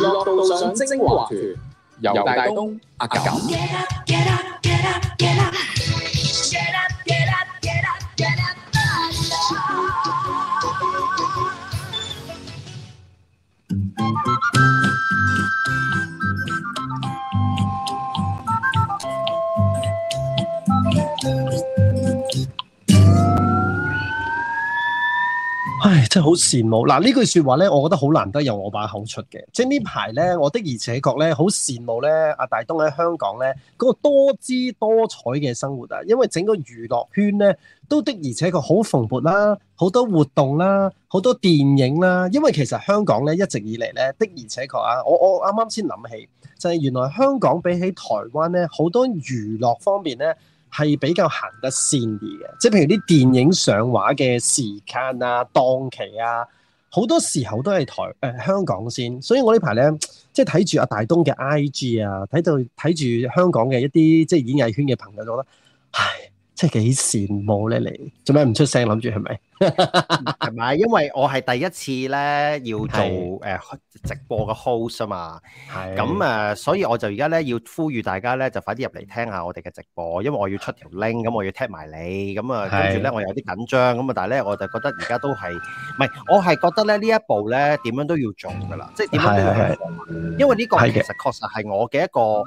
樂道上精華，由大東、啊、阿感。真係好羨慕嗱！呢句說話咧，我覺得好難得由我把口出嘅。即係呢排咧，我的而且確咧，好羨慕咧，阿大東喺香港咧嗰個多姿多彩嘅生活啊！因為整個娛樂圈咧，都的而且確好蓬勃啦，好多活動啦，好多電影啦。因為其實香港咧一直以嚟咧，的而且確啊，我我啱啱先諗起，就係原來香港比起台灣咧，好多娛樂方面咧。係比較行得先啲嘅，即係譬如啲電影上畫嘅時間啊、檔期啊，好多時候都係台誒、呃、香港先。所以我呢排咧，即係睇住阿大東嘅 IG 啊，睇到睇住香港嘅一啲即係演藝圈嘅朋友，覺得，唉。即係幾羨慕咧，你做咩唔出聲？諗住係咪？係咪？因為我係第一次咧要做誒直播嘅 host 啊嘛。係。咁誒，所以我就而家咧要呼籲大家咧，就快啲入嚟聽下我哋嘅直播，因為我要出條 link，咁我要 tag 埋你，咁啊，跟住咧我有啲緊張，咁啊，但係咧我就覺得而家都係，唔係我係覺得咧呢一步咧點樣都要做㗎啦。即係點樣都要做，因為呢個係其實確實係我嘅一個。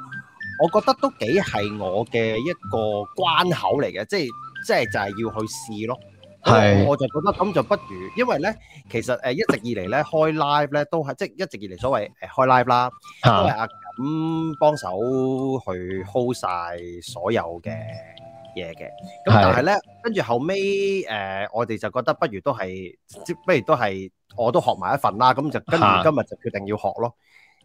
我覺得都幾係我嘅一個關口嚟嘅，即係即係就係要去試咯。係，我就覺得咁就不如，因為咧，其實誒一直以嚟咧開 live 咧都係即係一直以嚟所謂誒開 live 啦，都係阿感幫手去 hold 晒所有嘅嘢嘅。咁但係咧，跟住後尾誒，我哋就覺得不如都係，即不如都係我都學埋一份啦。咁就跟住今日就決定要學咯。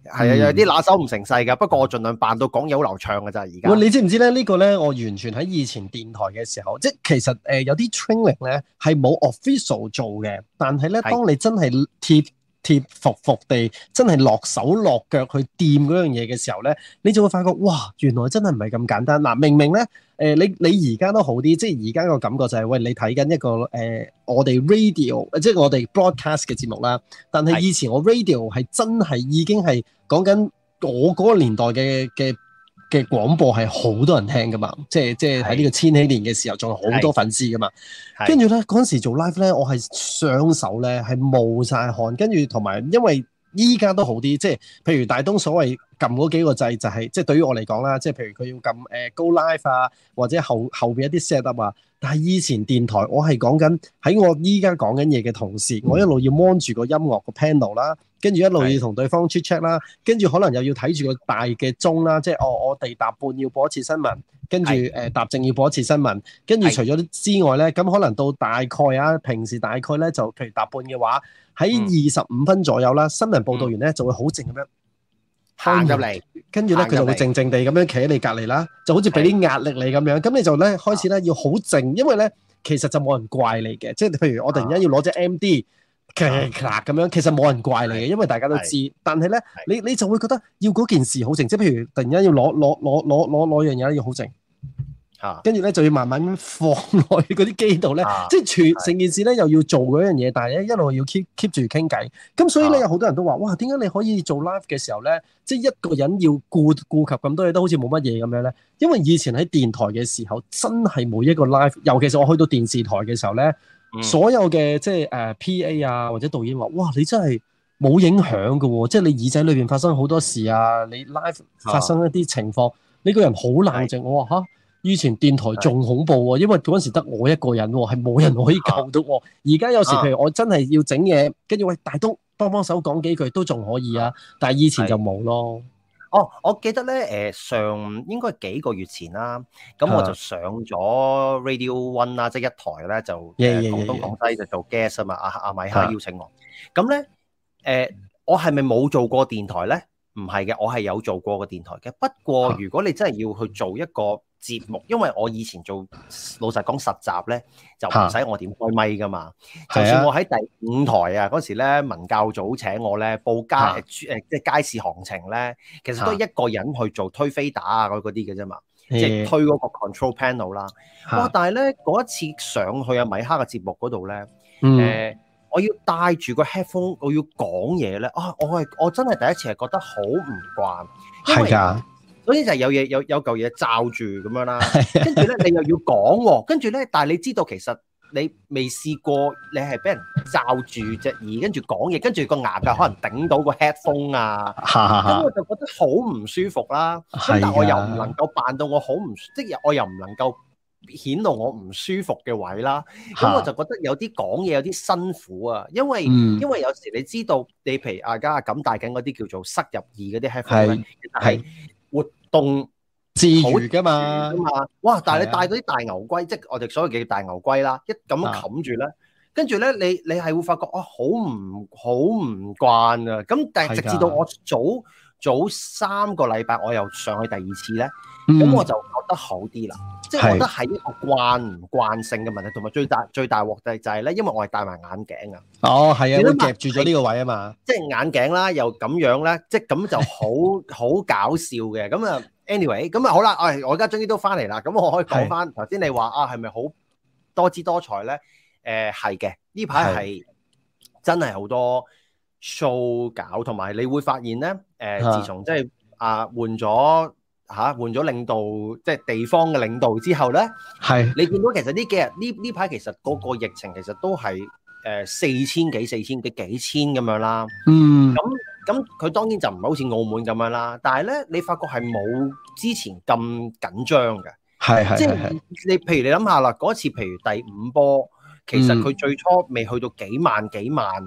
係啊，有啲拿手唔成世噶，不過我盡量扮到講嘢好流暢噶咋而家。喂、嗯，你知唔知咧？呢個咧，我完全喺以前電台嘅時候，即係其實誒、呃、有啲 training 咧係冇 official 做嘅，但係咧，當你真係貼。貼服服地真係落手落腳去掂嗰樣嘢嘅時候呢，你就會發覺哇，原來真係唔係咁簡單嗱。明明呢，呃、你你而家都好啲，即係而家個感覺就係、是，喂，你睇緊一個、呃、我哋 radio，即係我哋 broadcast 嘅節目啦。但係以前我 radio 係真係已經係講緊我嗰個年代嘅嘅。嘅廣播係好多人聽噶嘛，即係即係喺呢個千禧年嘅時候仲有好多粉絲噶嘛，跟住咧嗰陣時做 live 咧，我係雙手咧係冒晒汗，跟住同埋因為依家都好啲，即係譬如大東所謂。撳嗰幾個掣就係、是，即係對於我嚟講啦，即係譬如佢要撳誒 go live 啊，或者後後面一啲 set up 啊。但係以前電台我，我係講緊喺我依家講緊嘢嘅同時、嗯，我一路要望住個音樂個 panel 啦，跟住一路要同對方出 check 啦，check, 跟住可能又要睇住個大嘅鐘啦，即係哦，我哋答半要播一次新聞，跟住搭答正要播一次新聞，跟住除咗之外咧，咁可能到大概啊，平時大概咧就譬如答半嘅話，喺二十五分左右啦、嗯，新聞報導完咧就會好靜咁入嚟，跟住咧佢就會靜靜地咁樣企喺你隔離啦，就好似俾啲壓力你咁樣。咁你就咧開始咧要好靜，因為咧其實就冇人怪你嘅。即係譬如我突然間要攞隻 MD，咁樣，其實冇人怪你嘅，因為大家都知。但係咧，你你就會覺得要嗰件事好靜。即係譬如突然間要攞攞攞攞攞攞樣嘢要好靜。跟住咧就要慢慢放落嗰啲機度咧、啊，即係全成件事咧又要做嗰樣嘢，但係咧一路要 keep keep 住傾偈，咁所以咧、啊、有好多人都話，哇，點解你可以做 live 嘅時候咧，即係一個人要顧顧及咁多嘢，都好似冇乜嘢咁樣咧？因為以前喺電台嘅時候，真係每一個 live，尤其是我去到電視台嘅時候咧、嗯，所有嘅即係誒 PA 啊或者導演話，哇，你真係冇影響噶、哦，即係你耳仔裏邊發生好多事啊，你 live 發生一啲情況、啊，你個人好冷靜，嗯、我話吓。哈以前電台仲恐怖喎，因為嗰陣時得我一個人，係冇人可以救到。而家有時譬如我真係要整嘢，跟住喂，大東幫幫手講幾句都仲可以啊。但係以前就冇咯。哦，我記得咧，誒上應該幾個月前啦，咁我就上咗 Radio One 啦，即係一台咧就廣東廣西就做 guest 啊嘛，阿阿米克邀請我。咁咧，誒、呃、我係咪冇做過電台咧？唔係嘅，我係有做過個電台嘅。不過如果你真係要去做一個節目，因為我以前做老實講實習咧，就唔使我點開咪㗎嘛、啊。就算我喺第五台是啊，嗰時咧文教組請我咧，報街誒即係街市行情咧，其實都係一個人去做推飛打啊嗰啲嘅啫嘛，即係推嗰個 control panel 啦。是啊、哇！但係咧嗰一次上去啊米克嘅節目嗰度咧，誒、嗯呃，我要帶住個 headphone，我要講嘢咧，啊，我係我真係第一次係覺得好唔慣，係㗎。是的總之就係有嘢有有嚿嘢罩住咁樣啦，跟住咧你又要講喎、啊，跟住咧但係你知道其實你未試過，你係俾人罩住隻耳，跟住講嘢，跟住個牙就可能頂到個 headphone 啊，咁 我就覺得好唔舒服啦。 但我又唔能夠扮到我好唔，舒即係我又唔能夠顯露我唔舒服嘅位啦。咁我就覺得有啲講嘢有啲辛苦啊，因為因為有時你知道你譬如啊家啊咁戴緊嗰啲叫做塞入耳嗰啲 headphone 咧， 但是 凍之餘噶嘛，哇！但係你帶嗰啲大牛龜，即係我哋所謂嘅大牛龜啦，一咁樣冚住咧，跟住咧，你你係會發覺，啊，好唔好唔慣啊？咁但係直至到我早。早三個禮拜我又上去第二次咧，咁我就覺得好啲啦，即、嗯、係、就是、我覺得係一個慣唔慣性嘅問題，同埋最大最大鑊就係咧，因為我係戴埋眼鏡啊。哦，係啊，都夾住咗呢個位啊嘛。即、就、係、是、眼鏡啦，又咁樣咧，即係咁就好好搞笑嘅。咁啊，anyway，咁啊好啦，我而家終於都翻嚟啦，咁我可以講翻頭先你話啊，係咪好多姿多彩咧？誒係嘅，呢排係真係好多 show 搞，同埋你會發現咧。誒、呃，自從即係啊，換咗嚇、啊，換咗領導，即係地方嘅領導之後咧，係你見到其實呢幾日呢呢排其實嗰個疫情其實都係誒四千幾、四千幾、幾千咁樣啦。嗯，咁咁佢當然就唔係好似澳門咁樣啦，但係咧你發覺係冇之前咁緊張嘅，係係即係你譬如你諗下啦，嗰次譬如第五波，其實佢最初未去到幾萬幾萬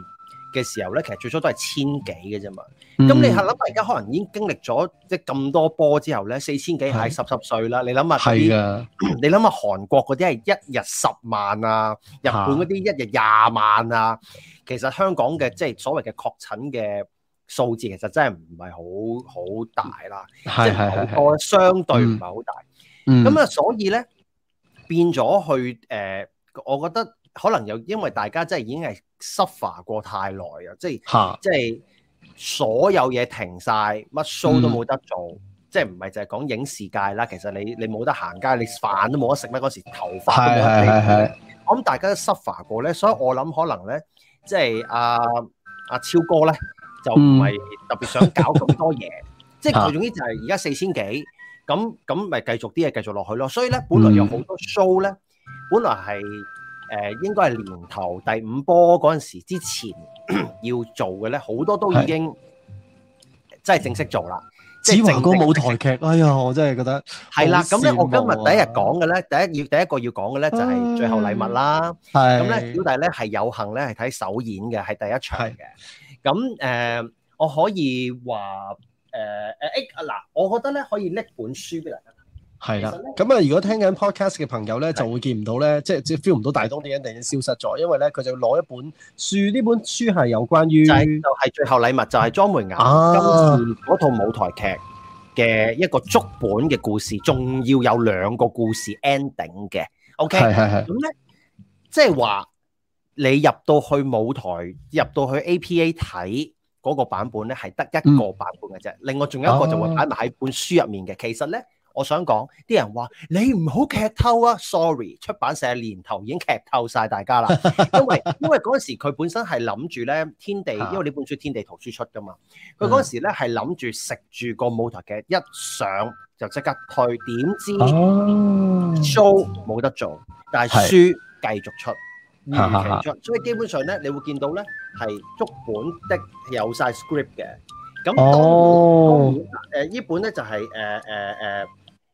嘅時候咧，其實最初都係千幾嘅啫嘛。咁、嗯、你係諗下，而家可能已經經歷咗即係咁多波之後咧，四千幾係濕濕碎啦。你諗下啲，你諗下韓國嗰啲係一日十萬啊，日本嗰啲一日廿萬啊。其實香港嘅即係所謂嘅確診嘅數字，其實真係唔係好好大啦，即係個相對唔係好大。咁啊，所以咧變咗去誒、呃，我覺得可能又因為大家真係已經係 suffer 過太耐啊，即係即係。所有嘢停曬，乜 show 都冇得做，即係唔係就係講影視界啦。其實你你冇得行街，你飯都冇得食。乜嗰時頭髮，係係係係。我諗大家 suffer 過咧，所以我諗可能咧，即係阿阿超哥咧就唔係特別想搞咁多嘢。即係總之就係而家四千幾，咁咁咪繼續啲嘢繼續落去咯。所以咧，本來有好多 show 咧，本來係，誒應該係年頭第五波嗰陣時之前要做嘅咧，好多都已經即係正式做啦。子華哥舞台劇，哎呀，我真係覺得係啦。咁咧，我今日第一日講嘅咧，第一要第一個要講嘅咧就係最後禮物啦。係。咁咧，小弟咧係有幸咧係睇首演嘅，係第一場嘅。咁誒，我可以話誒誒，嗱，我覺得咧可以拎本書俾你。係啦，咁啊，如果聽緊 podcast 嘅朋友咧，就會見唔到咧，即係即係 feel 唔到大東啲人突然消失咗，因為咧佢就攞一本書，呢本書係有關於就係、係、最後禮物就係莊，就係莊梅岩今次嗰套舞台劇嘅一個足本嘅故事，仲要有兩個故事 ending 嘅。O K，係係係，咁咧即係話你入到去舞台，入到去 A P A 睇嗰個版本咧，係得一個版本嘅啫，嗯。另外仲有一個就會擺埋喺本書入面嘅，其實咧。我想講啲人話你唔好劇透啊，sorry，出版社年頭已經劇透晒大家啦， 因為因為嗰陣時佢本身係諗住咧天地，因為呢本書《天地圖書》出噶嘛，佢嗰陣時咧係諗住食住個舞台劇一上就即刻退，點知、哦、show 冇得做，但係書繼續出，繼續出、嗯，所以基本上咧，你會見到咧係足本的有晒 script 嘅，咁當然呢本咧、哦呃、就係誒誒誒。呃呃呃。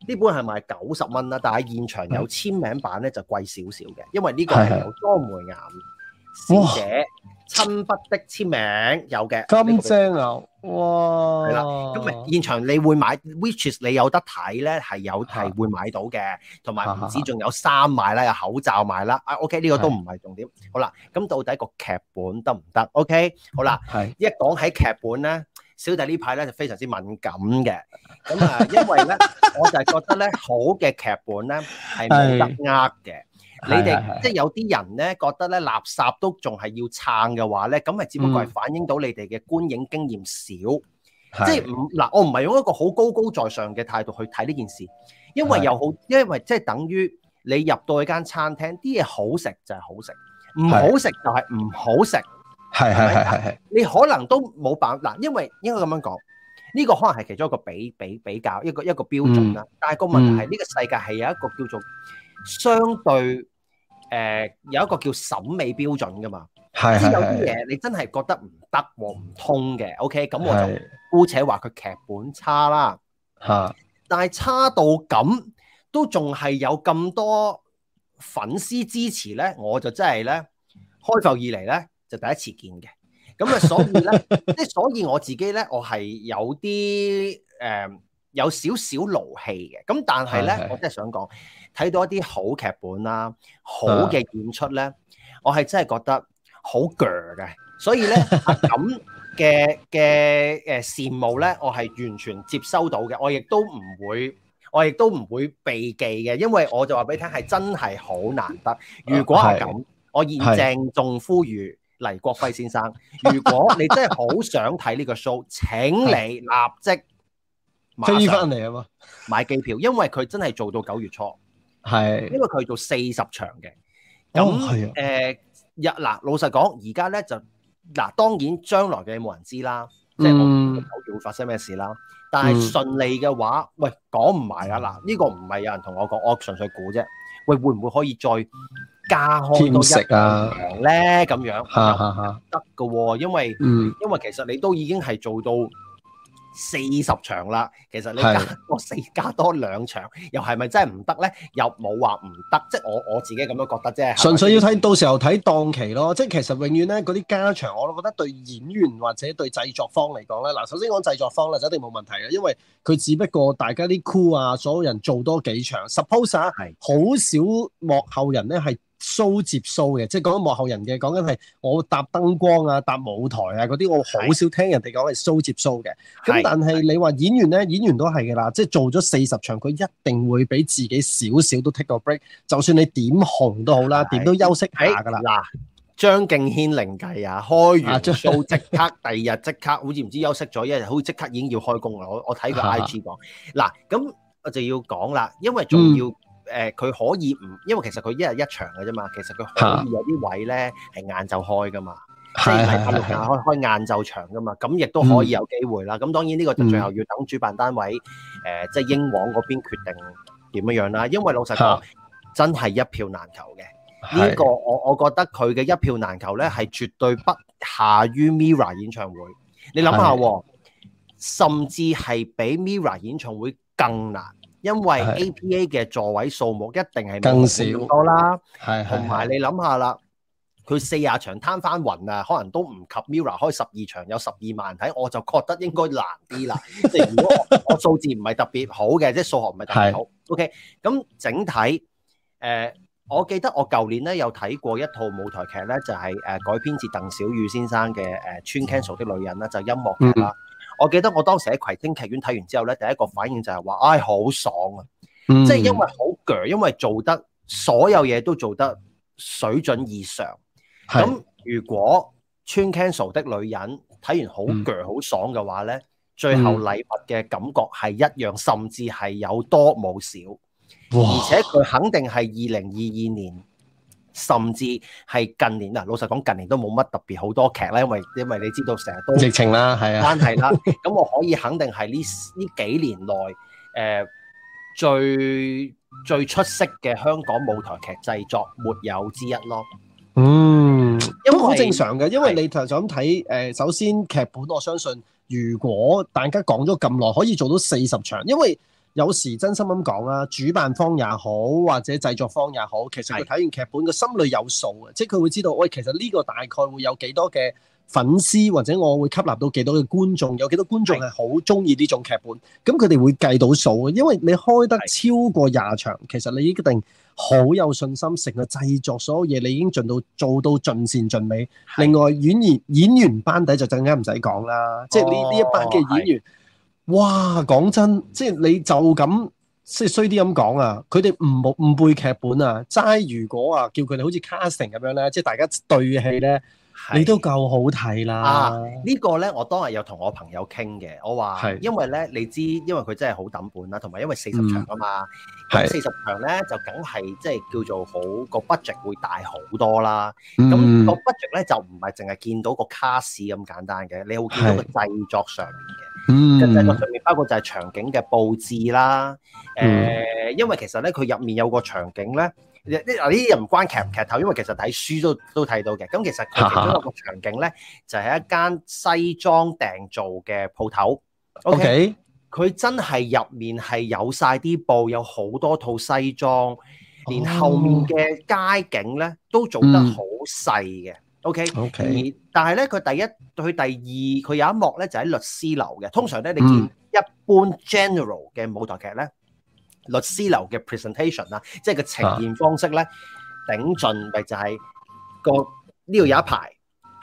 呢本係賣九十蚊啦，但係現場有簽名版咧就貴少少嘅，因為呢個係有莊梅巖師姐親筆的簽名，有嘅咁正啊，哇！係啦，咁咪現場你會買，whiches 你有得睇咧係有係會買到嘅，同埋唔止仲有衫賣啦，有口罩賣啦，啊 OK 呢個都唔係重點，好啦，咁到底一個劇本得唔得？OK，好啦，係一講起劇本咧。小弟呢排咧就非常之敏感嘅，咁啊，因為咧， 我就係覺得咧，好嘅劇本咧係冇得呃嘅。你哋即係有啲人咧覺得咧垃圾都仲係要撐嘅話咧，咁咪只不過係反映到你哋嘅觀影經驗少，即係唔嗱，我唔係用一個好高高在上嘅態度去睇呢件事，因為又好，因為即係等於你入到一間餐廳，啲嘢好食就係好食，唔好食就係唔好食。係係係係係，你可能都冇辦法，因為應該咁樣講，呢、這個可能係其中一個比比比較一個一個標準啦、嗯。但係個問題係呢、這個世界係有一個叫做相對誒、嗯呃，有一個叫審美標準噶嘛。係、嗯、有啲嘢你真係覺得唔得和唔通嘅、嗯，OK，咁我就姑且話佢劇本差啦。吓、啊，但係差到咁，都仲係有咁多粉絲支持咧，我就真係咧開埠以嚟咧。就第一次見嘅，咁啊，所以咧，即 係所以我自己咧，我係有啲誒、呃、有少少勞氣嘅。咁但係咧，是是我真係想講，睇到一啲好劇本啦、啊，好嘅演出咧，我係真係覺得好嘅。所以咧，咁嘅嘅誒羨慕咧，我係完全接收到嘅。我亦都唔會，我亦都唔會避忌嘅，因為我就話俾你聽，係真係好難得。如果係咁，是是我現正仲呼籲。是是黎國輝先生，如果你真係好想睇呢個 show， 請你立即飛翻嚟啊嘛！買機票，因為佢真係做到九月初，係，因為佢做四十場嘅。咁、嗯，誒、嗯、日、嗯、嗱、嗯，老實講，而家咧就嗱，當然將來嘅冇人知啦，即係九月會發生咩事啦。但係順利嘅話、嗯，喂，講唔埋啊嗱，呢、呢個唔係有人同我講，我純粹估啫。喂，會唔會可以再？加開添食啊咧咁樣，嚇嚇嚇，得嘅喎，因為、嗯、因為其實你都已經係做到四十場啦，其實你加多四加多兩場，又係咪真係唔得咧？又冇話唔得，即係我我自己咁樣覺得啫。純粹要睇到時候睇檔期咯，即係其實永遠咧嗰啲加場，我都覺得對演員或者對製作方嚟講咧，嗱首先講製作方啦，就一定冇問題嘅，因為佢只不過大家啲 crew 啊，所有人做多幾場，suppose 啊，好少幕後人咧係。蘇接蘇嘅，即係講緊幕後人嘅，講緊係我搭燈光啊，搭舞台啊嗰啲，我好少聽人哋講係 show 接 show 嘅。咁但係你話演員咧，演員都係噶啦，即係做咗四十場，佢一定會俾自己少少都 take 個 break。就算你點紅都好啦，點都休息下噶啦。嗱，張敬軒靈計啊，開完、啊、到即刻， 第二日即刻，好似唔知休息咗一日，好似即刻已經要開工啦。我我睇佢 IG 講嗱，咁、啊、我就要講啦，因為仲要、嗯。誒、呃、佢可以唔，因為其實佢一日一場嘅啫嘛，其實佢可以有啲位咧係晏晝開噶嘛，即係喺六日開晏晝場噶嘛，咁亦都可以有機會啦。咁、嗯、當然呢個就最後要等主辦單位誒、嗯呃，即係英皇嗰邊決定點樣樣啦。因為老實講，真係一票難求嘅。呢、這個我我覺得佢嘅一票難求咧係絕對不下於 MIRROR 演唱會。你諗下、啊，甚至係比 MIRROR 演唱會更難。因為 APA 嘅座位數目一定係更少多啦，係同埋你諗下啦，佢四啊場攤翻勻啊，可能都唔及 MIRROR 開十二場有十二萬睇，我就覺得應該難啲啦。即 係如果我數字唔係特別好嘅，即係數學唔係太好是是，OK。咁整體，誒、呃，我記得我舊年咧有睇過一套舞台劇咧，就係、是、誒、呃、改編自鄧小宇先生嘅誒《呃、穿 Cancel 的女人》啦、就是，就音樂劇啦。我記得我當時喺葵青劇院睇完之後咧，第一個反應就係話，唉、哎，好爽啊！嗯、即係因為好攰，因為做得所有嘢都做得水準以上。咁如果《穿 Kenzo 的女人》睇完好攰好爽嘅、嗯、話咧，最後禮物嘅感覺係一樣，嗯、甚至係有多冇少，而且佢肯定係二零二二年。甚至係近年啊，老實講，近年都冇乜特別好多劇啦，因為因為你知道成日都疫情啦，係啊，關係啦。咁我可以肯定係呢呢幾年內誒、呃、最最出色嘅香港舞台劇製作沒有之一咯。嗯，因為好正常嘅，因為你頭先咁睇誒，首先劇本，我相信如果大家講咗咁耐，可以做到四十場，因為。有時真心咁講啊，主辦方也好，或者製作方也好，其實佢睇完劇本個心裏有數啊。即係佢會知道，喂，其實呢個大概會有幾多嘅粉絲，或者我會吸納到幾多嘅觀眾，有幾多觀眾係好中意呢種劇本，咁佢哋會計到數嘅，因為你開得超過廿場，其實你一定好有信心，成個製作所有嘢你已經盡到做到盡善盡美。另外演員演員班底就更加唔使講啦，即係呢呢一班嘅演員。哇，講真，即係你就咁即係衰啲咁講啊！佢哋唔冇唔背劇本啊？齋如果啊，叫佢哋好似 casting 咁樣咧，即係大家對戲咧，你都夠好睇啦！啊，這個、呢個咧，我當日有同我朋友傾嘅，我話，係因為咧，你知，因為佢真係好抌本啦，同埋因為四十場啊嘛，係四十場咧，就梗係即係叫做好個 budget 會大好多啦。咁、嗯個 budget 咧就唔係淨係見到個 cast 咁簡單嘅，你會見到個製作上面嘅。實際個上面包括就係場景嘅佈置啦，誒、嗯，因為其實咧佢入面有個場景咧，嗱呢啲又唔關劇唔劇透，因為其實睇書都都睇到嘅。咁其實佢其中一個場景咧就係一間西裝訂造嘅鋪頭。O K，佢真係入面係有晒啲布，有好多套西裝，連後面嘅街景咧都做得好細嘅。嗯 O、okay, K，而但係咧，佢第一對第二，佢有一幕咧就喺、是、律師樓嘅。通常咧，你見一般 general 嘅舞台劇咧、嗯，律師樓嘅 presentation 啦、嗯，即係個呈現方式咧、啊，頂盡、就是，咪就係個呢度有一排，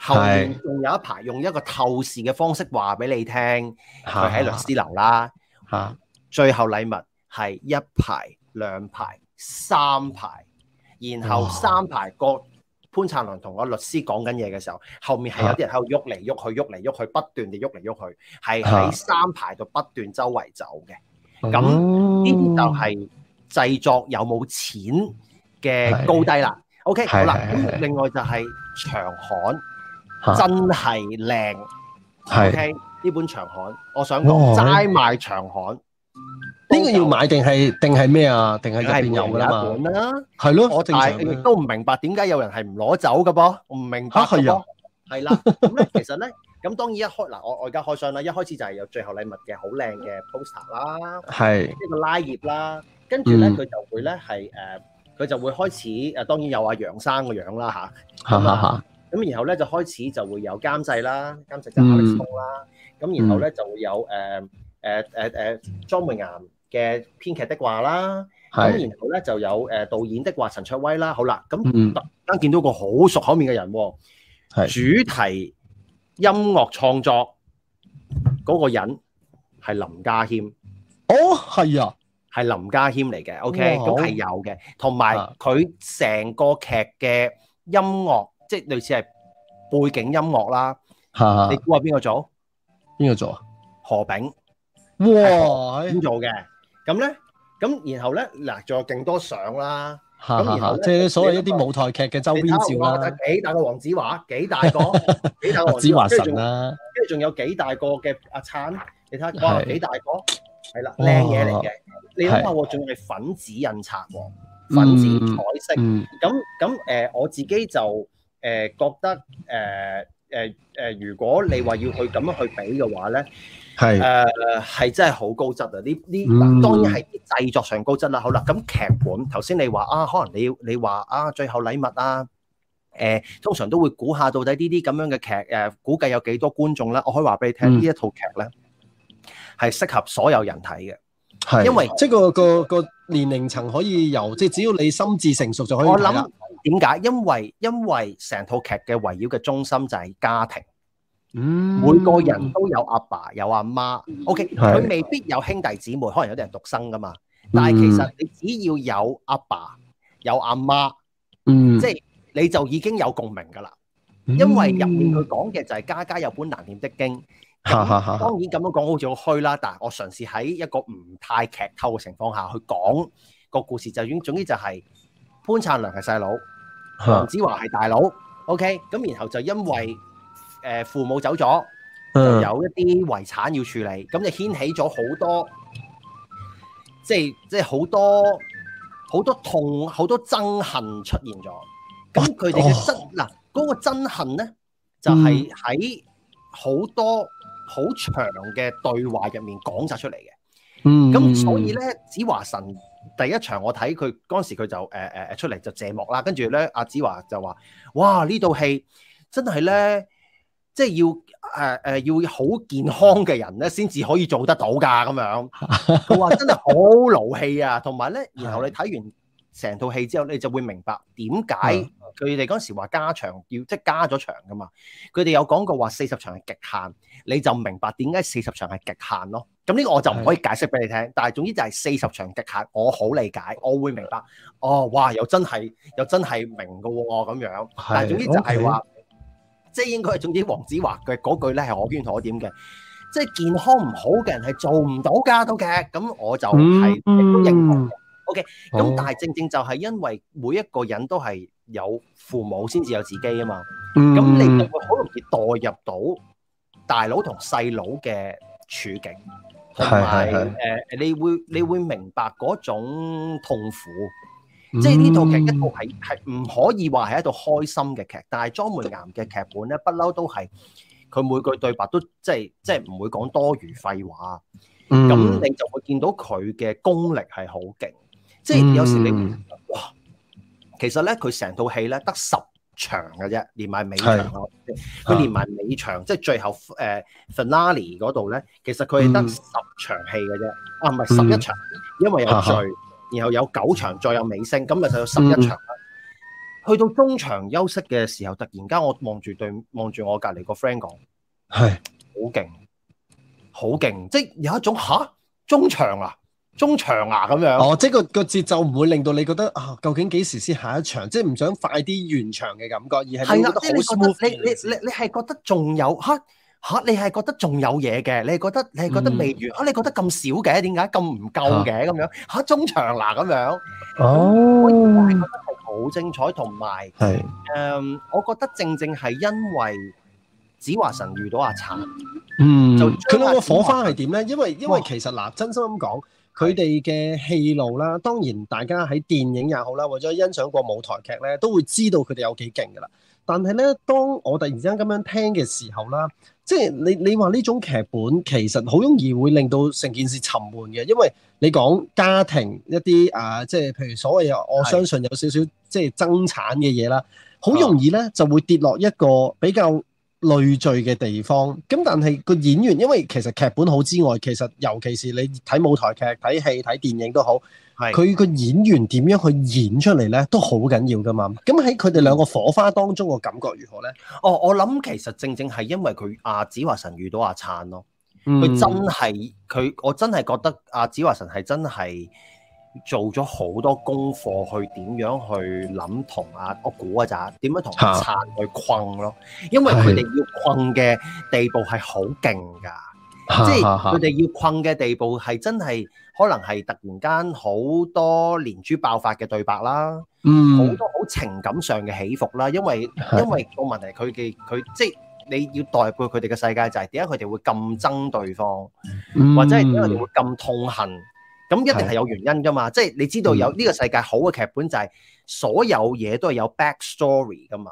後面仲有一排，用一個透視嘅方式話俾你聽，佢、啊、喺律師樓啦。嚇、啊，最後禮物係一排、兩排、三排，啊、然後三排各。潘燦良同個律師講緊嘢嘅時候，後面係有啲人喺度喐嚟喐去，喐嚟喐去，不斷地喐嚟喐去，係喺三排度不斷周圍走嘅。咁呢啲就係製作有冇錢嘅高低啦。OK，好啦。咁另外就係場刊，啊、真係靚。OK，呢本場刊，我想講齋賣場刊。都要買定係定係咩啊？定係入邊有㗎嘛？係咯，但係都唔明白點解有人係唔攞走嘅噃？唔明白啊？係啊，係啦。咁咧，其實咧，咁當然一開嗱，我我而家開箱啦。一開始就係有最後禮物嘅好靚嘅 poster 啦，係一個拉頁啦。跟住咧，佢就會咧係誒，佢就會開始誒。當然有阿楊生個樣啦，嚇嚇嚇。咁然後咧就開始就會有監製啦，監製就 Alex Tong 啦。咁然後咧就會有誒誒誒誒莊梅岩。嘅編劇的話啦，咁然後咧就有誒導演的話陳卓威啦，好啦，咁突然間見到個好熟口面嘅人，主題音樂創作嗰個人係林家謙。哦，係啊，係林家謙嚟嘅。OK，咁係有嘅。同埋佢成個劇嘅音樂，即係類似係背景音樂啦。嚇嚇，你估話邊個做？邊個做啊？何炳。哇，邊個做嘅？咁咧，咁然後咧，嗱，仲有勁多相啦。咁然後即係所謂一啲舞台劇嘅周邊照啦。幾大個黃子華？幾大個？幾大個黃子華神啦？跟住仲有幾大個嘅阿燦？你睇下講係幾大個？係啦，靚嘢嚟嘅。你諗下喎，仲係粉紙印刷喎，粉紙彩色。咁咁誒，我自己就誒覺得誒誒誒，如果你話要去咁樣去畀嘅話咧。係誒，係、呃、真係好高質啊。呢呢當然係啲製作上高質啦。好啦，咁劇本頭先你話啊，可能你你話啊，最後禮物啊，誒、呃，通常都會估下到底呢啲咁樣嘅劇誒、呃，估計有幾多觀眾啦？我可以話俾你聽，嗯、這一呢一套劇咧係適合所有人睇嘅，係因為即係個個個年齡層可以由即係只要你心智成熟就可以睇。我諗點解？因為因為成套劇嘅圍繞嘅中心就係家庭。嗯，每個人都有阿爸有阿媽，OK，佢未必有兄弟姊妹，可能有啲人獨生噶嘛。但係其實你只要有阿爸有阿媽，嗯，即係你就已經有共鳴噶啦。因為入面佢講嘅就係家家有本難念的經。嚇、嗯、 當然咁樣講好似好虛啦，但係我嘗試喺一個唔太劇透嘅情況下去講個故事，就已經總之就係潘燦良係細佬，黃 子華係大佬。OK，咁然後就因為誒父母走咗，有一啲遺產要處理，咁就掀起咗好多，即係即係好多好多痛，好多憎恨出現咗。咁佢哋嘅憎嗱，嗰個憎恨咧，就係喺好多好長嘅對話入面講晒出嚟嘅。嗯，咁所以咧，子華神第一場我睇佢嗰陣時佢就誒誒、呃、出嚟就謝幕啦，跟住咧阿子華就話，哇！呢套戲真係咧。即係要誒誒、呃呃、要好健康嘅人咧，先至可以做得到㗎咁樣。佢 話真係好勞氣啊，同埋咧，然後你睇完成套戲之後，你就會明白點解佢哋嗰陣時話加場要即係加咗場㗎嘛。佢哋有講過話四十場係極限，你就明白點解四十場係極限咯。咁呢個我就唔可以解釋俾你聽，是但係總之就係四十場極限，我好理解，我會明白。哦，哇！又真係又真係明㗎喎咁樣。是但係總之就係話。是即係應該係總之黃子華嘅嗰句咧，係我堅同我點嘅，即係健康唔好嘅人係做唔到㗎，到嘅，咁我就係都認同。OK，咁但係正正就係因為每一個人都係有父母先至有自己啊嘛，咁你會好容易代入到大佬同細佬嘅處境，同埋誒你會你會明白嗰種痛苦。嗯、即係呢套劇一，一套係係唔可以話係一套開心嘅劇，但係莊梅岩嘅劇本咧，不嬲都係佢每句對白都即係即係唔會講多餘廢話。嗯，咁你就會見到佢嘅功力係好勁。即係有時候你會哇，其實咧佢成套戲咧得十場嘅啫，連埋尾場佢連埋尾場，即係、就是、最後誒、呃、finale 嗰度咧，其實佢得十場戲嘅啫、嗯。啊，唔係十一場，嗯、因為有罪。然後有九場再有尾聲，咁咪就有十一場、嗯。去到中場休息嘅時候，突然間我望住對望住我隔離個 friend 講：係好勁，好勁！即係有一種嚇中場啊，中場啊咁樣。哦，即係、這個個節奏唔會令到你覺得啊、哦，究竟幾時先下一場？即係唔想快啲完場嘅感覺，而係係啊，即你你你你係覺得仲有嚇。嚇！你係覺得仲有嘢嘅？你係覺得你係覺得未完啊？你覺得咁少嘅？點解咁唔夠嘅？咁樣嚇中場嗱，咁樣哦，我係覺得係好精彩。同埋誒，我覺得正正係因為子華神遇到阿燦，嗯，就佢兩個火花係點咧？因為因為其實嗱，真心咁講，佢哋嘅戲路啦，當然大家喺電影也好啦，或者欣賞過舞台劇咧，都會知道佢哋有幾勁噶啦。但係咧，當我突然之間咁樣聽嘅時候啦，即係你你話呢種劇本其實好容易會令到成件事沉悶嘅，因為你講家庭一啲啊，即係譬如所謂有我相信有少少即係爭產嘅嘢啦，好容易咧就會跌落一個比較累贅嘅地方，咁但係個演員，因為其實劇本好之外，其實尤其是你睇舞台劇、睇戲、睇電影都好，係佢個演員點樣去演出嚟，呢都好緊要噶嘛。咁喺佢哋兩個火花當中個感覺如何呢？哦，我諗其實正正係因為佢阿子華神遇到阿燦咯，佢、嗯、真係佢，我真係覺得阿子華神係真係。做咗好多功課，去點樣去諗同啊？我估啊，咋點樣同佢拆佢困咯？因為佢哋要困嘅地步係好勁㗎，即係佢哋要困嘅地步係真係可能係突然間好多連珠爆發嘅對白啦，嗯，好多好情感上嘅起伏啦。因為因為個問題，佢嘅佢即係你要代入去佢哋嘅世界，就係點解佢哋會咁憎對方，或者係點解佢哋會咁痛恨？咁一定係有原因噶嘛，即係你知道有呢、嗯這個世界好嘅劇本就係、是、所有嘢都係有 backstory 噶嘛，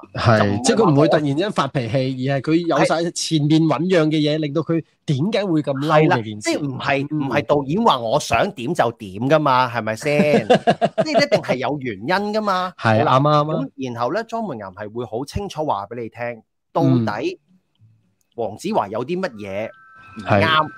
即係佢唔會突然間發脾氣，而係佢有曬前面醞釀嘅嘢，令到佢點解會咁嬲嘅件事啦，即係唔係唔係導演話我想點就點噶嘛，係咪先？ 即係一定係有原因噶嘛。係啦，啱啱。咁然後咧呢， 莊文岩係會好清楚話俾你聽，到底黃、嗯、子華有啲乜嘢啱。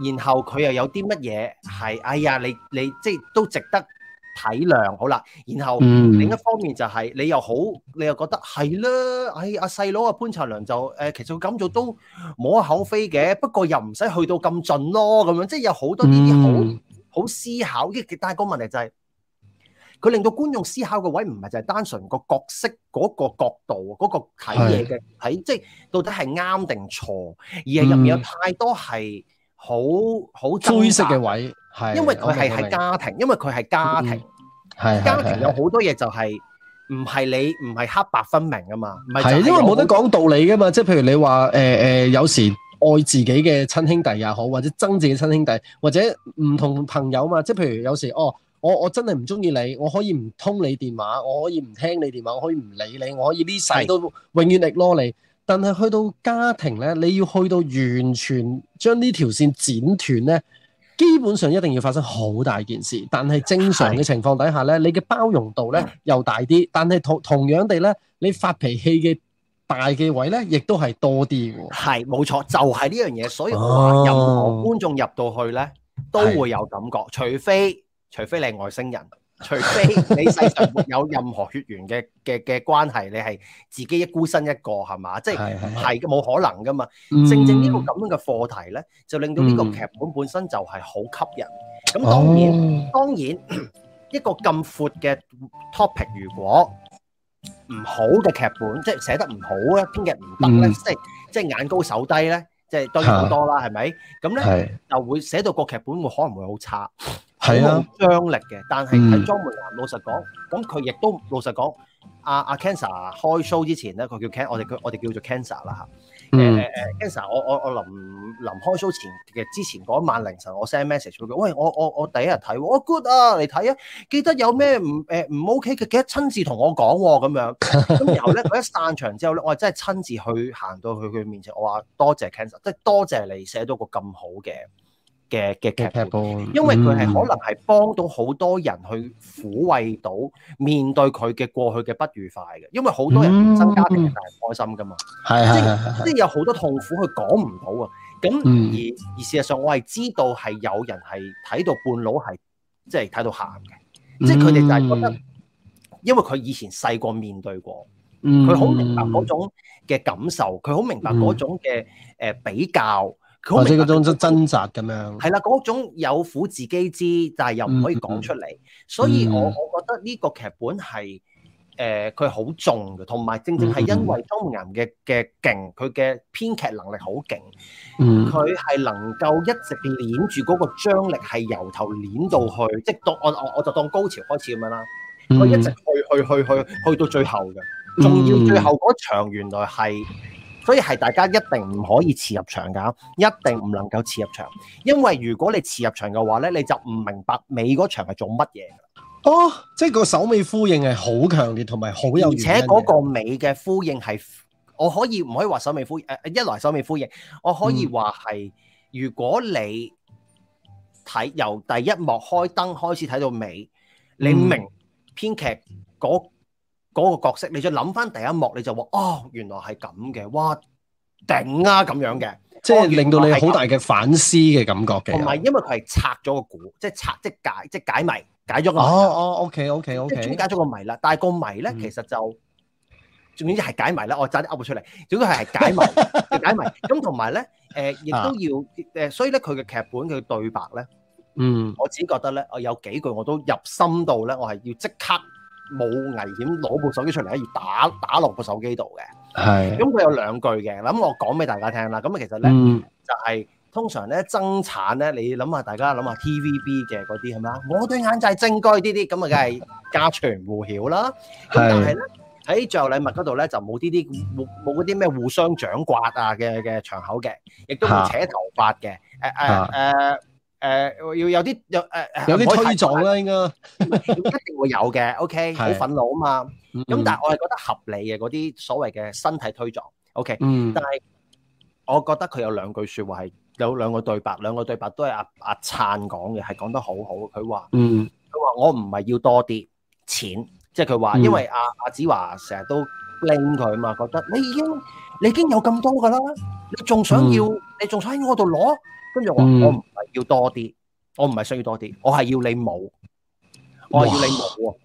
然後佢又有啲乜嘢係，哎呀，你你即係都值得體諒，好啦。然後另一方面就係、是嗯、你又好，你又覺得係啦，哎呀，細佬啊，潘燦良就誒、呃，其實佢咁做都冇可口非嘅，不過又唔使去到咁盡咯，咁樣即係有好多呢啲好好思考嘅。因為但係個問題就係、是，佢令到觀眾思考個位唔係就係單純個角色嗰、那個角度嗰、那個睇嘢嘅睇，即係到底係啱定錯，而係入面有太多係。嗯好好灰色嘅位，係，因為佢係家庭，因為佢係家庭、嗯，家庭有好多嘢就係唔係你唔係黑白分明啊嘛，係，因為冇得講道理噶嘛，即係譬如你話誒誒，有時愛自己嘅親兄弟也好，或者憎自己親兄弟，或者唔同朋友嘛，即係譬如有時哦，我我真係唔中意你，我可以唔通你電話，我可以唔聽你電話，我可以唔理你，我可以呢世都永遠力囉你。但係去到家庭咧，你要去到完全將呢條線剪斷咧，基本上一定要發生好大件事。但係正常嘅情況底下咧，你嘅包容度咧又大啲。但係同同樣地咧，你發脾氣嘅大嘅位咧，亦都係多啲嘅。係冇錯，就係、是、呢樣嘢。所以任何觀眾入到去咧、哦，都會有感覺，除非除非你係外星人。 除非你世上沒有任何血緣嘅嘅嘅關係，你係自己一孤身一個係 即 嘛？即係係冇可能噶嘛。正正呢個咁樣嘅課題咧，就令到呢個劇本本身就係好吸引。咁、嗯、當然、哦、當然一個咁闊嘅 topic，如果唔好嘅劇本，即係寫得唔好咧，編劇唔得咧，即係即係眼高手低咧，即、就、係、是、對好多啦，係、嗯、咪？咁咧就會寫到個劇本會可能會好差。係、嗯、啊，張力嘅，但係喺莊梅岩老實講，咁佢亦都老實講，阿阿 Cancer 開 show 之前咧，佢叫 Can，我哋叫我哋叫做 Cancer 啦、嗯、嚇。誒誒誒，Cancer，我我我臨臨開 show 前嘅之前嗰一晚凌晨，我 send message 佢句，喂，我我我第一日睇，我、oh, good 啊，你睇啊，記得有咩唔誒唔 OK 嘅，記得親自同我講咁樣。咁 然後咧，我一散場之後咧，我係真係親自去行到去佢面前，我話多謝 Cancer，即係多謝你寫到個咁好嘅。嘅嘅劇本，因為佢係可能係幫到好多人去撫慰到面對佢嘅過去嘅不愉快嘅，因為好多人原生家庭係唔開心噶嘛，即係即係有好多痛苦佢講唔到啊。咁而而事實上，我係知道係有人係睇到半老係即係睇到喊嘅，即係佢哋就係覺得，因為佢以前細個面對過，佢好明白嗰種嘅感受，佢好明白嗰種嘅誒比較。或者嗰種掙扎咁樣，係啦，嗰種有苦自己知，但係又唔可以講出嚟。嗯，所以我我覺得呢個劇本係誒佢好重嘅，同埋正正係因為莊梅岩嘅嘅勁，佢嘅編劇能力好勁，佢、嗯、係能夠一直連住嗰個張力係由頭連到去，即係當我我我就當高潮開始咁樣啦，佢一直去去去去去到最後嘅，仲要最後嗰場原來係。所以係大家一定唔可以遲入場㗎，一定唔能夠遲入場，因為如果你遲入場嘅話咧，你就唔明白尾嗰場係做乜嘢。哦，即係個首尾呼應係好強烈，同埋好有，而且嗰個尾嘅呼應係我可以唔可以話首尾呼應？誒，一來首尾呼應，我可以話係如果你睇由第一幕開燈開始睇到尾，你明編劇嗰。嗰、那個角色，你再諗翻第一幕，你就話：哦，原來係咁嘅，哇，頂啊！咁樣嘅，即係令到你好大嘅反思嘅感覺嘅。唔係，因為佢係拆咗個鼓，即係拆，即解，即解謎，解咗個迷。哦哦，OK OK OK。即總加咗個謎啦，但係個謎咧，其實就總之係解謎呢，我揸啲噏出嚟，總之係解謎，解謎。咁同埋咧，亦、呃、都要、呃、所以咧，佢嘅劇本佢對白咧，嗯，我自己覺得咧，我有幾句我都入心度咧，我係要即刻。冇危險攞部手機出嚟，可以打打落部手機度嘅，係咁佢有兩句嘅，咁我講俾大家聽啦。咁其實咧、嗯、就係、是、通常咧增產咧，你諗下，大家諗下 TVB 嘅嗰啲係咪啊？我對眼就係精幹啲啲，咁啊梗係家傳戶曉啦。咁但係咧，喺最後禮物嗰度咧就冇啲啲冇冇嗰啲咩互相掌摑啊嘅嘅場口嘅，亦都唔扯頭髮嘅，誒誒誒。啊啊誒，要有啲有誒，有啲推撞啦，應該一定會有嘅。OK，好憤怒啊嘛。咁但係我係覺得合理嘅嗰啲所謂嘅身體推撞。OK，但係我覺得佢有兩句說話係有兩個對白，兩個對白都係阿阿燦講嘅，係講得好好。佢話，佢話我唔係要多啲錢，即係佢話，因為阿阿子華成日都拎佢啊嘛，覺得你已經。你已經有咁多㗎啦，你仲想要？你仲想喺我度攞？跟住話我唔係要多啲，我唔係需要多啲，我係要你冇，我係要你冇啊！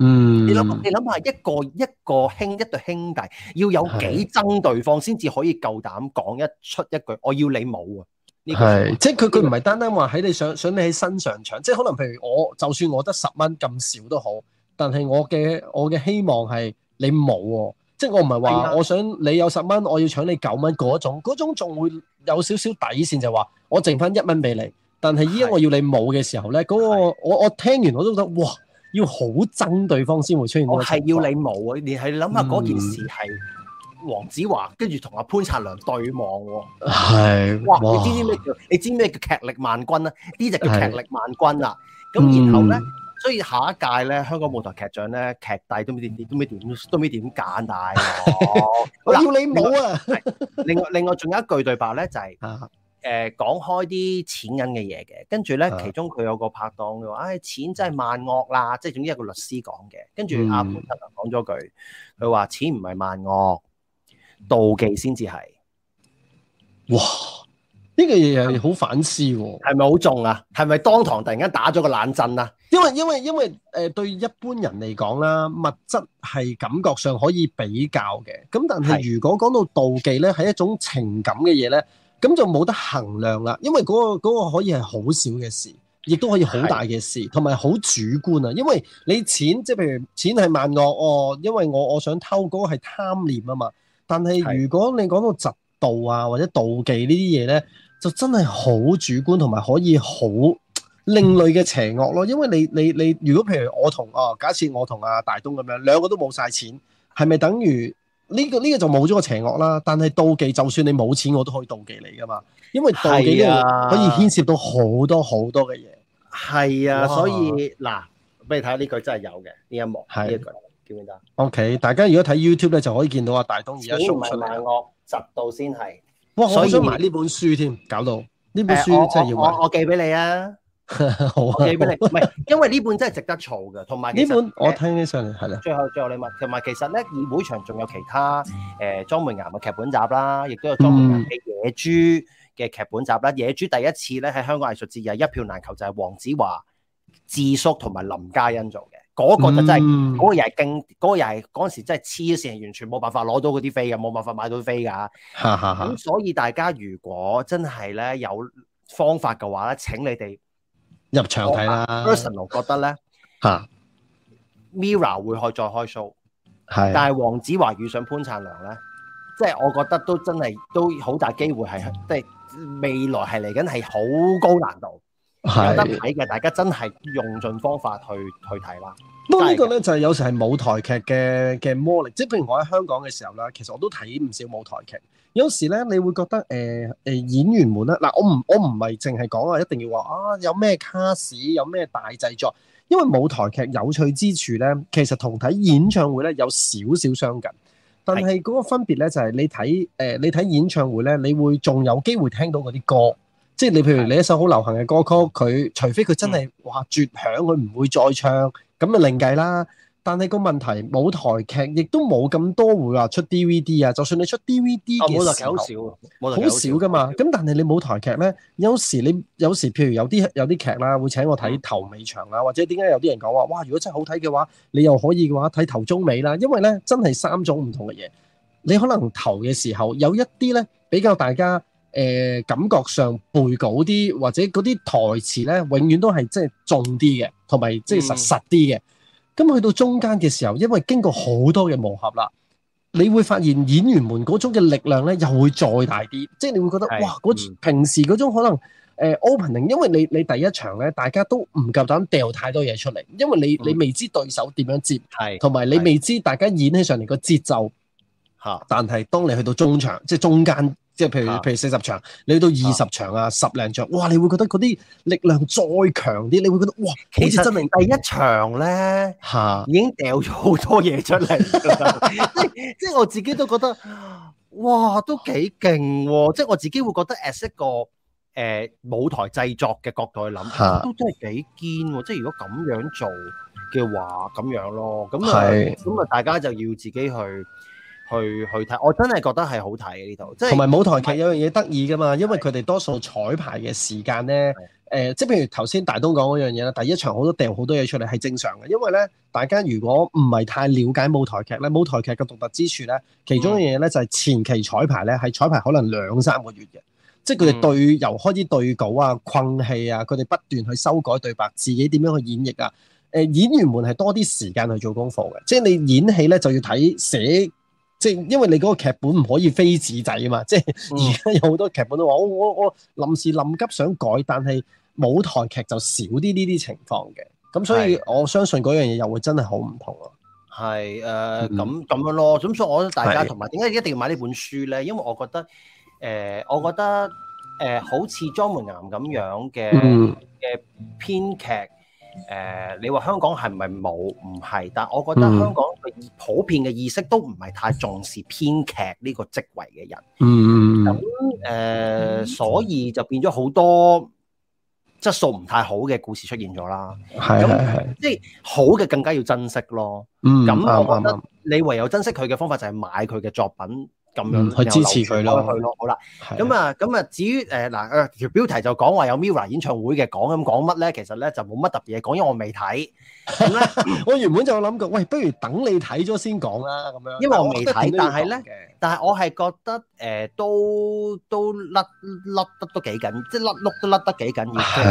嗯，你諗你諗下一個一個兄一對兄弟要有幾憎對方先至可以夠膽講一出一句我要你冇啊！呢個係，即係佢佢唔係單單話喺你想想你喺身上搶，即係可能譬如我就算我得十蚊咁少都好，但係我嘅我嘅希望係你冇喎。即係我唔係話我想你有十蚊，我要搶你九蚊嗰種，嗰種仲會有少少底線，就係話我剩翻一蚊俾你。但係依家我要你冇嘅時候咧，嗰個我我聽完我都覺得哇，要好憎對方先會出現。我係要你冇啊！你係諗下嗰件事係黃子華跟住同阿潘燦良對望喎。係哇，哇！你知唔知咩叫你知咩叫劇力萬鈞咧？呢啲就叫劇力萬鈞啦。咁然後咧。嗯所以下一屆咧香港舞台劇獎咧劇帝都未點都未點都未點揀大我我要你冇啊、哦！ 另外 另外仲有一句對白咧就係誒講開啲錢銀嘅嘢嘅，跟住咧其中佢有個拍檔嘅話，唉、哎，錢真係萬惡啦，即係總之一個律師講嘅，跟住阿潘講咗句，佢話錢唔係萬惡，妒忌先至係哇。呢個嘢好反思喎，係咪好重啊？係咪當堂突然間打咗個冷震啊？因為因為因為誒對一般人嚟講啦，物質係感覺上可以比較嘅，咁但係如果講到妒忌呢，係一種情感嘅嘢呢，咁就冇得衡量啦。因為嗰個嗰個可以係好少嘅事，亦都可以好大嘅事，同埋好主觀啊。因為你錢即係譬如錢係萬惡哦，因為我我想偷嗰個係貪念啊嘛。但係如果你講到嫉，妒啊，或者妒忌呢啲嘢咧，就真係好主觀，同埋可以好另類嘅邪惡咯。因為你你你，如果譬如我同啊，假設我同阿大東咁樣，兩個都冇晒錢，係咪等於呢個呢個就冇咗個邪惡啦？但係妒忌，就算你冇錢，我都可以妒忌你噶嘛。因為妒忌呢個可以牽涉到好多好多嘅嘢。係啊，所以嗱，俾你睇下呢句真係有嘅呢一幕。係一句叫唔叫？OK，大家如果睇 YouTube 咧，就可以見到啊，大東而家十度先係，哇！我想買呢本書添，搞到呢、呃、本書真係要買。我，我，我寄俾你啊，好啊，寄俾你。唔係，因為呢本真係值得儲嘅，同埋呢本我聽起上嚟係啦。最後最後禮物，同埋其實咧，二會場仲有其他誒、呃、莊梅岩嘅劇本集啦，亦都有莊梅岩嘅野豬嘅劇本集啦，嗯。野豬第一次咧喺香港藝術節日，一票難求，就係黃子華、智叔同埋林嘉欣做嘅。嗰、那個就真係，嗰、那個人係勁，嗰、那個人係嗰陣時真係黐線，完全冇辦法攞到嗰啲飛嘅，冇辦法買到飛㗎。咁 所以大家如果真係咧有方法嘅話咧，請你哋入場睇啦。Personally 覺得咧，嚇 ，Mirror 會開再開 show，係， 但係黃子華遇上潘燦良咧， 即係我覺得都真係都好大機會係，即係未來係嚟緊係好高難度。係有得睇嘅，大家真係用盡方法去去睇啦。不過呢個咧就係有時係舞台劇嘅嘅魔力，即係譬如我喺香港嘅時候咧，其實我都睇唔少舞台劇。有時咧你會覺得誒誒、呃呃、演員們咧，嗱我唔我唔係淨係講啊，一定要話啊有咩卡士有咩大製作。因為舞台劇有趣之處咧，其實同睇演唱會咧有少少相近，但係嗰個分別咧就係你睇誒、呃、你睇演唱會咧，你會仲有機會聽到嗰啲歌。即係你，譬如你一首好流行嘅歌曲，佢除非佢真係話、嗯、絕響，佢唔會再唱，咁啊另計啦。但係個問題，舞台劇亦都冇咁多會話出 DVD 啊。就算你出 DVD 嘅時候，哦、好少，好少噶嘛。咁但係你舞台劇咧，有時你有時譬如有啲有啲劇啦，會請我睇頭尾場啊，嗯、或者點解有啲人講話，哇！如果真係好睇嘅話，你又可以嘅話睇頭中尾啦。因為咧，真係三種唔同嘅嘢，你可能頭嘅時候有一啲咧比較大家。誒、呃、感覺上背稿啲，或者嗰啲台詞呢，永遠都係即係重啲嘅，同埋即係實實啲嘅。咁、嗯、去到中間嘅時候，因為經過好多嘅磨合啦，你會發現演員們嗰種嘅力量呢，又會再大啲。即、就、係、是、你會覺得、嗯、哇，嗰平時嗰種可能誒、呃、opening，因為你你第一場呢，大家都唔夠膽掉太多嘢出嚟，因為你你未知對手點樣接，同、嗯、埋你未知大家演起上嚟個節奏。吓！但係當你去到中場，嗯、即係中間。即係譬如譬如，四十場，你去到二十場啊，十零場，哇！你會覺得嗰啲力量再強啲，你會覺得哇，其實證明第一場咧吓，已經掉咗好多嘢出嚟。即即係我自己都覺得哇，都幾勁喎！即係我自己會覺得，as 一個誒舞台製作嘅角度去諗，都真係幾堅。即係如果咁樣做嘅話，咁樣咯，咁啊，咁啊，大家就要自己去。去去睇，我真係覺得係好睇嘅呢套，即係同埋舞台劇有樣嘢得意㗎嘛，因為佢哋多數彩排嘅時間咧，誒、呃，即係譬如頭先大東講嗰樣嘢啦，第一場好多掟好多嘢出嚟係正常嘅，因為咧，大家如果唔係太了解舞台劇咧，舞台劇嘅獨特之處咧，其中一樣嘢咧就係、是、前期彩排咧，係彩排可能兩三個月嘅，即係佢哋對、嗯、由開始對稿啊、困戲啊，佢哋不斷去修改對白，自己點樣去演繹啊，誒、呃，演員們係多啲時間去做功課嘅，即係你演戲咧就要睇寫。即係因為你嗰個劇本唔可以飛紙仔啊嘛，即係而家有好多劇本都話我我我，我，我臨時臨急想改，但係舞台劇就少啲呢啲情況嘅，咁所以我相信嗰樣嘢又會真係好唔同咯、啊。係誒咁咁樣咯，咁所以我覺得大家同埋點解一定要買呢本書咧？因為我覺得誒、呃、我覺得誒、呃、好似莊文岩咁樣嘅嘅、嗯、編劇。誒、uh,，你話香港係咪冇？唔係，但我覺得香港佢普遍嘅意識都唔係太重視編劇呢個職位嘅人。嗯，咁誒，所以就變咗好多質素唔太好嘅故事出現咗啦。係，係即係好嘅更加要珍惜咯。咁、mm -hmm. 我覺得你唯有珍惜佢嘅方法就係買佢嘅作品。咁樣去支持佢咯，好啦。咁啊，咁啊，至於誒嗱誒條標題就講話有 MIRROR 演唱會嘅講咁講乜咧？其實咧就冇乜特別嘢講，因為我未睇。 以呢 我原本就諗過，喂，不如等你睇咗先講啦，咁樣。因為我未睇，但係咧，但係我係覺得誒、呃、都都甩甩得都幾緊，即係甩碌都甩得幾緊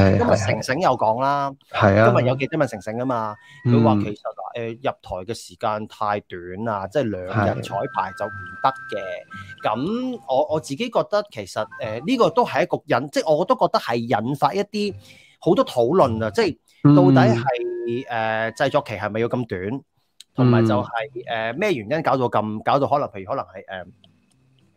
要。今日成成又講啦，係啊，今日有記今日成成啊嘛，佢話、嗯、其實嗱、呃、入台嘅時間太短啦，即係兩日彩排就唔得嘅。咁、嗯、我我自己覺得其實誒呢、呃呢個都係一個引，即係我都覺得係引發一啲好多討論啊！即係到底係誒製作期係咪要咁短，同埋就係誒咩原因搞到咁，搞到可能譬如可能係誒。呃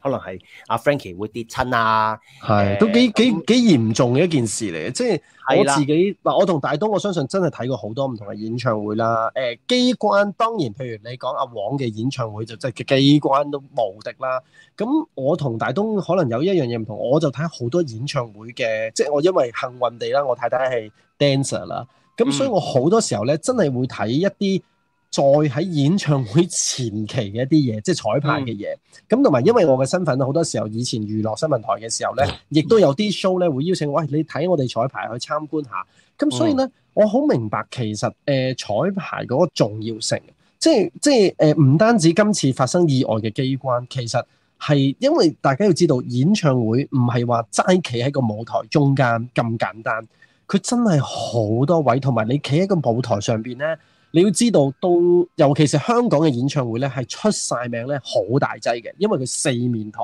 可能係阿 Frankie 會跌親啊，係、呃、都幾幾幾嚴重嘅一件事嚟嘅，即、就、係、是、我自己嗱，我同大東我相信真係睇過好多唔同嘅演唱會啦。誒、呃，機關當然，譬如你講阿黃嘅演唱會就即、是、係機關都無敵啦。咁我同大東可能有一樣嘢唔同，我就睇好多演唱會嘅，即、就、係、是、我因為幸運地啦，我太太係 dancer 啦，咁所以我好多時候呢、嗯、真係會睇一啲。再喺演唱會前期嘅一啲嘢，即係彩排嘅嘢。咁同埋，因為我嘅身份好多時候以前娛樂新聞台嘅時候呢，亦都有啲 show 呢會邀請我。喂，你睇我哋彩排去參觀一下。咁所以呢，嗯、我好明白其實誒、呃、彩排嗰個重要性。即係即係呃、唔單止今次發生意外嘅機關，其實係因為大家要知道演唱會唔係話齋企喺個舞台中間咁簡單。佢真係好多位，同埋你企喺個舞台上邊呢。你要知道，到尤其是香港嘅演唱會咧，係出晒名咧，好大劑嘅，因為佢四面台，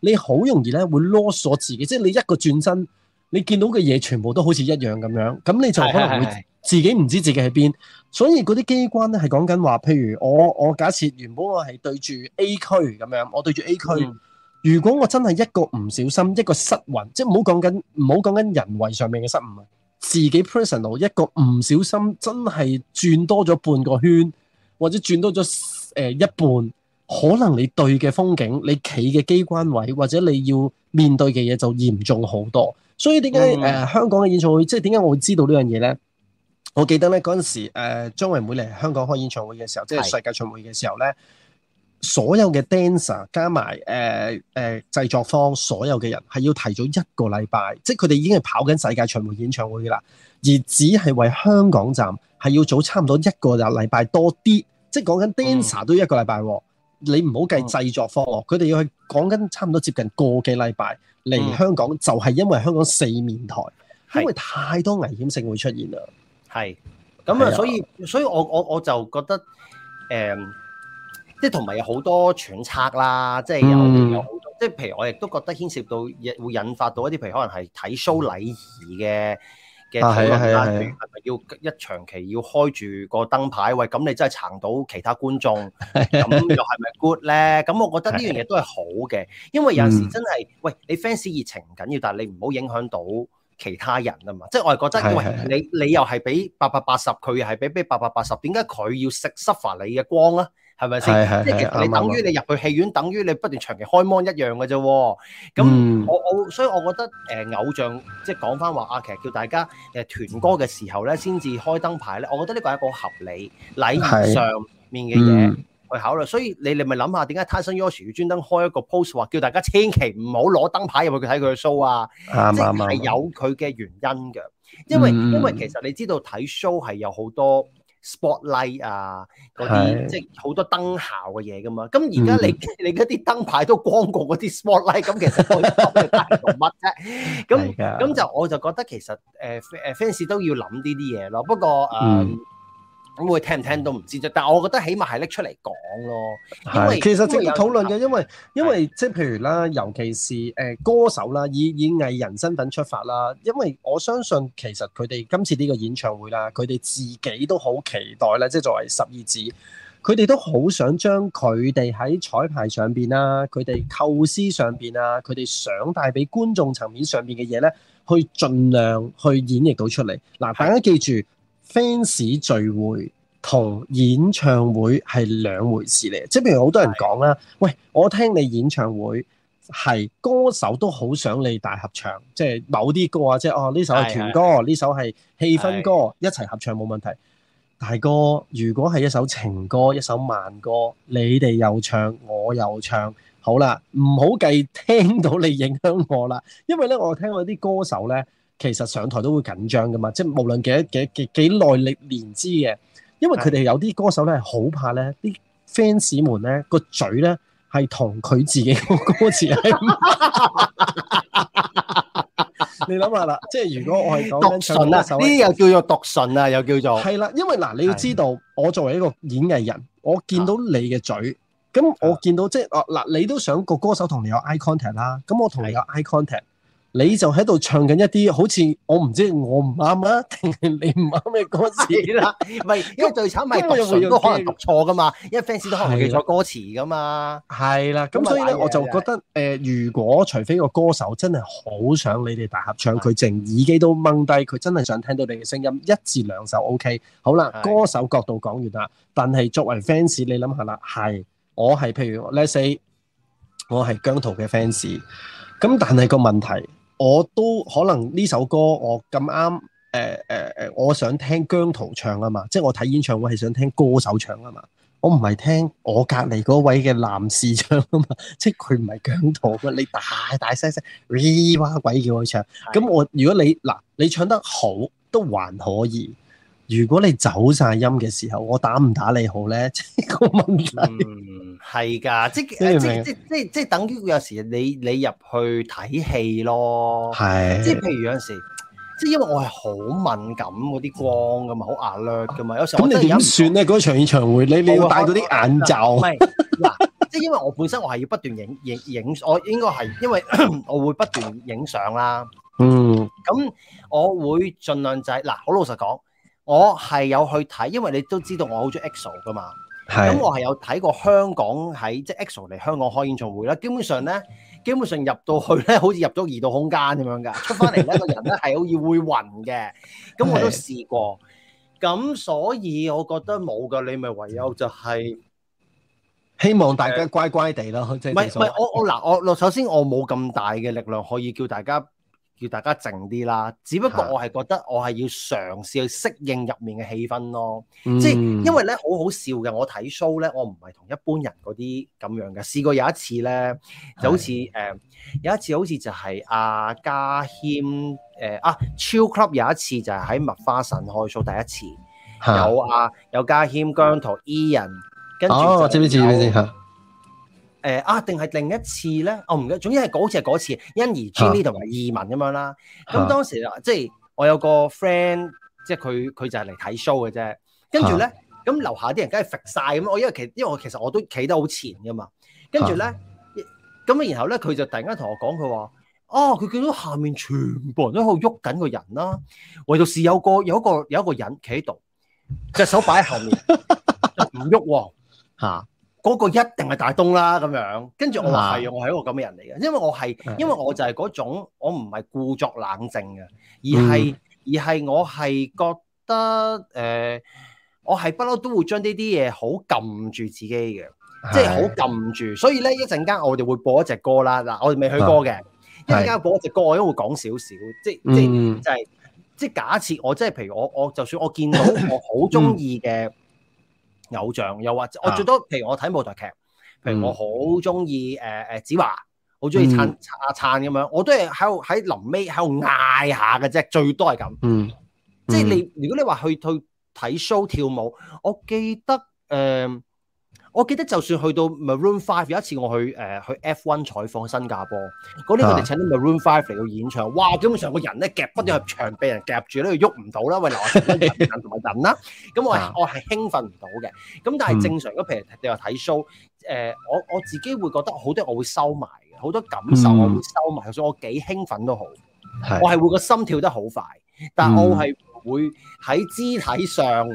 你好容易咧會囉嗦自己，即係你一個轉身，你見到嘅嘢全部都好似一樣咁樣，咁你就可能會自己唔知自己喺邊。是是是是，所以嗰啲機關咧係講緊話，譬如我我假設原本我係對住 A 區咁樣，我對住 A 區，嗯、如果我真係一個唔小心，一個失魂，即係唔好講緊唔好講緊人為上面嘅失誤啊。自己 personal 一個唔小心，真係轉多咗半個圈，或者轉多咗、呃、一半，可能你對嘅風景，你企嘅機關位，或者你要面對嘅嘢就嚴重好多。所以點解、嗯呃、香港嘅演唱會，即係點解我會知道呢樣嘢呢？我記得呢嗰陣時，誒張惠妹嚟香港開演唱會嘅時候，即係世界巡迴嘅時候呢。所有嘅 dancer 加埋誒誒製作方所有嘅人係要提早一個禮拜，即係佢哋已經係跑緊世界巡迴演唱會啦，而只係為香港站係要早差唔多一個禮拜多啲，即係講緊 dancer 都要一個禮拜、嗯。你唔好計製作方，佢、嗯、哋要去講緊差唔多接近個幾禮拜嚟香港，嗯、就係、是、因為香港四面台、嗯，因為太多危險性會出現啦。係咁啊，所以所以我我我就覺得誒。嗯即係同埋有好多揣測啦，即係有有好多，即、嗯、係譬如我亦都覺得牽涉到會引發到一啲譬如可能係睇 show 禮儀嘅嘅討論啦，係、啊、咪要一長期要開住個燈牌？喂，咁你真係撐到其他觀眾，咁 又係咪 good 咧？咁 我覺得呢樣嘢都係好嘅，因為有陣時真係、嗯，喂，你 fans 熱情唔緊要，但係你唔好影響到其他人啊嘛。即係我係覺得係，喂，你你又係俾八百八十，佢又係俾咩八百八十？點解佢要食實你嘅光啊？係咪先？即係、就是、你等於你入去戲院對對對，等於你不斷長期開芒一樣嘅啫。咁、嗯、我我所以，我覺得誒、呃、偶像即係講翻話阿其實叫大家誒團歌嘅時候咧，先至開燈牌咧。我覺得呢個係一個合理禮儀上面嘅嘢去考慮。嗯、所以你你咪諗下點解 Tyson Yoshi 專登開一個 post 話叫大家千祈唔好攞燈牌入去睇佢嘅 show 啊？即、嗯、係、就是、有佢嘅原因嘅，因為、嗯、因為其實你知道睇 show 係有好多。spotlight r 啊，嗰啲即係好多燈效嘅嘢噶嘛，咁而家你、嗯、你嗰啲燈牌都光過嗰啲 spotlight，r 咁其實可以做乜啫？咁 咁就我就覺得其實誒誒 fans 都要諗呢啲嘢咯，不過誒。呃嗯咁佢聽唔聽都唔知啫，但係我覺得起碼係拎出嚟講咯。因為其實值得討論嘅，因為，因為，因為，因為即係譬如啦，尤其是誒歌手啦，以演藝人身份出發啦，因為我相信其實佢哋今次呢個演唱會啦，佢哋自己都好期待咧，即係作為十二字，佢哋都好想將佢哋喺彩排上邊啦，佢哋構思上邊啊，佢哋想帶俾觀眾層面上邊嘅嘢咧，去盡量去演繹到出嚟。嗱，大家記住。Fans 聚會同演唱會係兩回事嚟，即係譬如好多人講啦，喂，我聽你演唱會係歌手都好想你大合唱，即係某啲歌啊，即係哦呢首係團歌，呢首係氣氛歌，一齊合唱冇問題。大哥，如果係一首情歌、一首慢歌，你哋又唱，我又唱，好啦，唔好計聽到你影響我啦，因為咧，我聽嗰啲歌手咧。其實上台都會緊張噶嘛，即係無論幾，幾，幾，幾，幾耐年資嘅，因為佢哋有啲歌手咧，好怕咧啲 fans 們咧個嘴咧係同佢自己個歌詞係唔一樣。 你諗下啦，即係如果我係講呢啲又叫做讀唇啊，又叫做係啦，因為嗱你要知道，我作為一個演藝人，我見到你嘅嘴，咁我見到即係嗱、啊，你都想個歌手同你有 eye contact 啦，咁我同你有 eye contact 你就喺度唱緊一啲好似我唔知我唔啱啊，定係你唔啱咩歌詞啦？係， 因為最慘係讀唇都可能讀錯噶嘛，因為 fans 都可能記錯歌詞噶嘛。係啦，咁所以咧，我就覺得誒，如果除非個歌手真係好想你哋大合唱佢淨，耳機都掹低，佢真係想聽到你嘅聲音，一至兩首 OK。好啦，歌手角度講完啦，但係作為 fans，你諗下啦，係我係譬如 let's say 我係姜濤嘅 fans，咁但係個問題。我都可能呢首歌我咁啱、呃呃、我想聽姜濤唱啊嘛，即我睇演唱會係想聽歌手唱啊嘛，我唔係聽我隔離嗰位嘅男士唱啊嘛，即佢唔係姜濤 你大大聲聲，哩、呃、哇鬼叫我唱，咁我如果你嗱，你唱得好都還可以，如果你走晒音嘅時候，我打唔打你好呢？即係個問題、嗯。係噶，即係即即即係即係等於有時你你入去睇戲咯，係即係譬如有陣時，即係因為我係好敏感嗰啲光噶嘛，好壓略噶嘛，有時候咁你點算咧？嗰、那個、場演唱會你你要戴到啲眼罩？唔係嗱，即係因為我本身我係要不斷影影影，我應該係因為咳咳我會不斷影相啦。嗯，咁我會盡量就係、是、嗱，好老實講，我係有去睇，因為你都知道我好中 Excel 噶嘛。咁我係有睇過香港喺即係 EXO 嚟香港開演唱會啦，基本上咧，基本上入到去咧，好似入咗異度空間咁樣噶，出翻嚟咧，個人咧係好似會暈嘅。咁我都試過，咁所以我覺得冇噶，你咪唯有就係希望大家乖乖地咯，即係唔係唔係我我嗱我嗱，首先我冇咁大嘅力量可以叫大家。叫大家靜啲啦，只不過我係覺得我係要嘗試去適應入面嘅氣氛咯，嗯、即係因為咧好好笑嘅，我睇 show 咧，我唔係同一般人嗰啲咁樣嘅。試過有一次咧，就好似誒有一次好似就係阿嘉軒誒啊 Chill、啊啊、Club 有一次就係喺麥花臣開 show 第一次，有阿、啊、有嘉軒姜濤、Ian 跟住哦，啊、知唔知？知唔誒、呃、啊！定係另一次咧？我唔記得，總之係嗰次係嗰次，欣宜、j e 同埋二汶咁樣啦。咁當時啊，即係我有個 friend，即係佢佢就係嚟睇 show 嘅啫。跟住咧，咁、啊、樓下啲人梗係揈曬咁。我因為其因為我其實我都企得好前㗎嘛。跟住咧，咁、啊、然後咧，佢就突然間同我講，佢話：，哦、啊，佢見到下面全部人都喺度喐緊個人啦、啊，唯獨是有個有一個有一個人企喺度，隻手擺喺後面，唔喐喎。啊嗰、那個一定係大東啦，咁樣，跟住我係用、啊、我係一個咁嘅人嚟嘅，因為我係，因為我就係嗰種我唔係故作冷靜嘅，而係、嗯、而係我係覺得誒、呃，我係不嬲都會將呢啲嘢好撳住自己嘅，即係好撳住。所以咧，一陣間我哋會播一隻歌啦，嗱，我哋未去歌嘅一陣間播一隻歌，我都、啊、會、會講少少，即即就係、是、即、嗯就是、假設我即係、就是、譬如我我就算我見到我好中意嘅。嗯偶像又或者，我最多譬如我睇舞台劇，譬如我好中意誒誒子華，好中意燦阿、嗯、燦咁樣，我都係喺喺臨尾喺度嗌下嘅啫，最多係咁、嗯。嗯，即係你如果你話去去睇 show 跳舞，我記得誒。呃我記得就算去到 Maroon Five 有一次我去去 F1 採訪新加坡，嗰啲我哋請到 Maroon Five 嚟到演唱，哇！基本上個人咧夾不咗入場，被人夾住咧喐唔到啦，喂，留我等同埋等啦。咁我我係興奮唔到嘅。咁但係正常嘅，譬如你話睇 show，我、嗯呃、我自己會覺得好多我會收埋嘅，好多感受我會收埋、嗯，所以我幾興奮都好，我係會個心跳得好快，但我係會喺肢體上，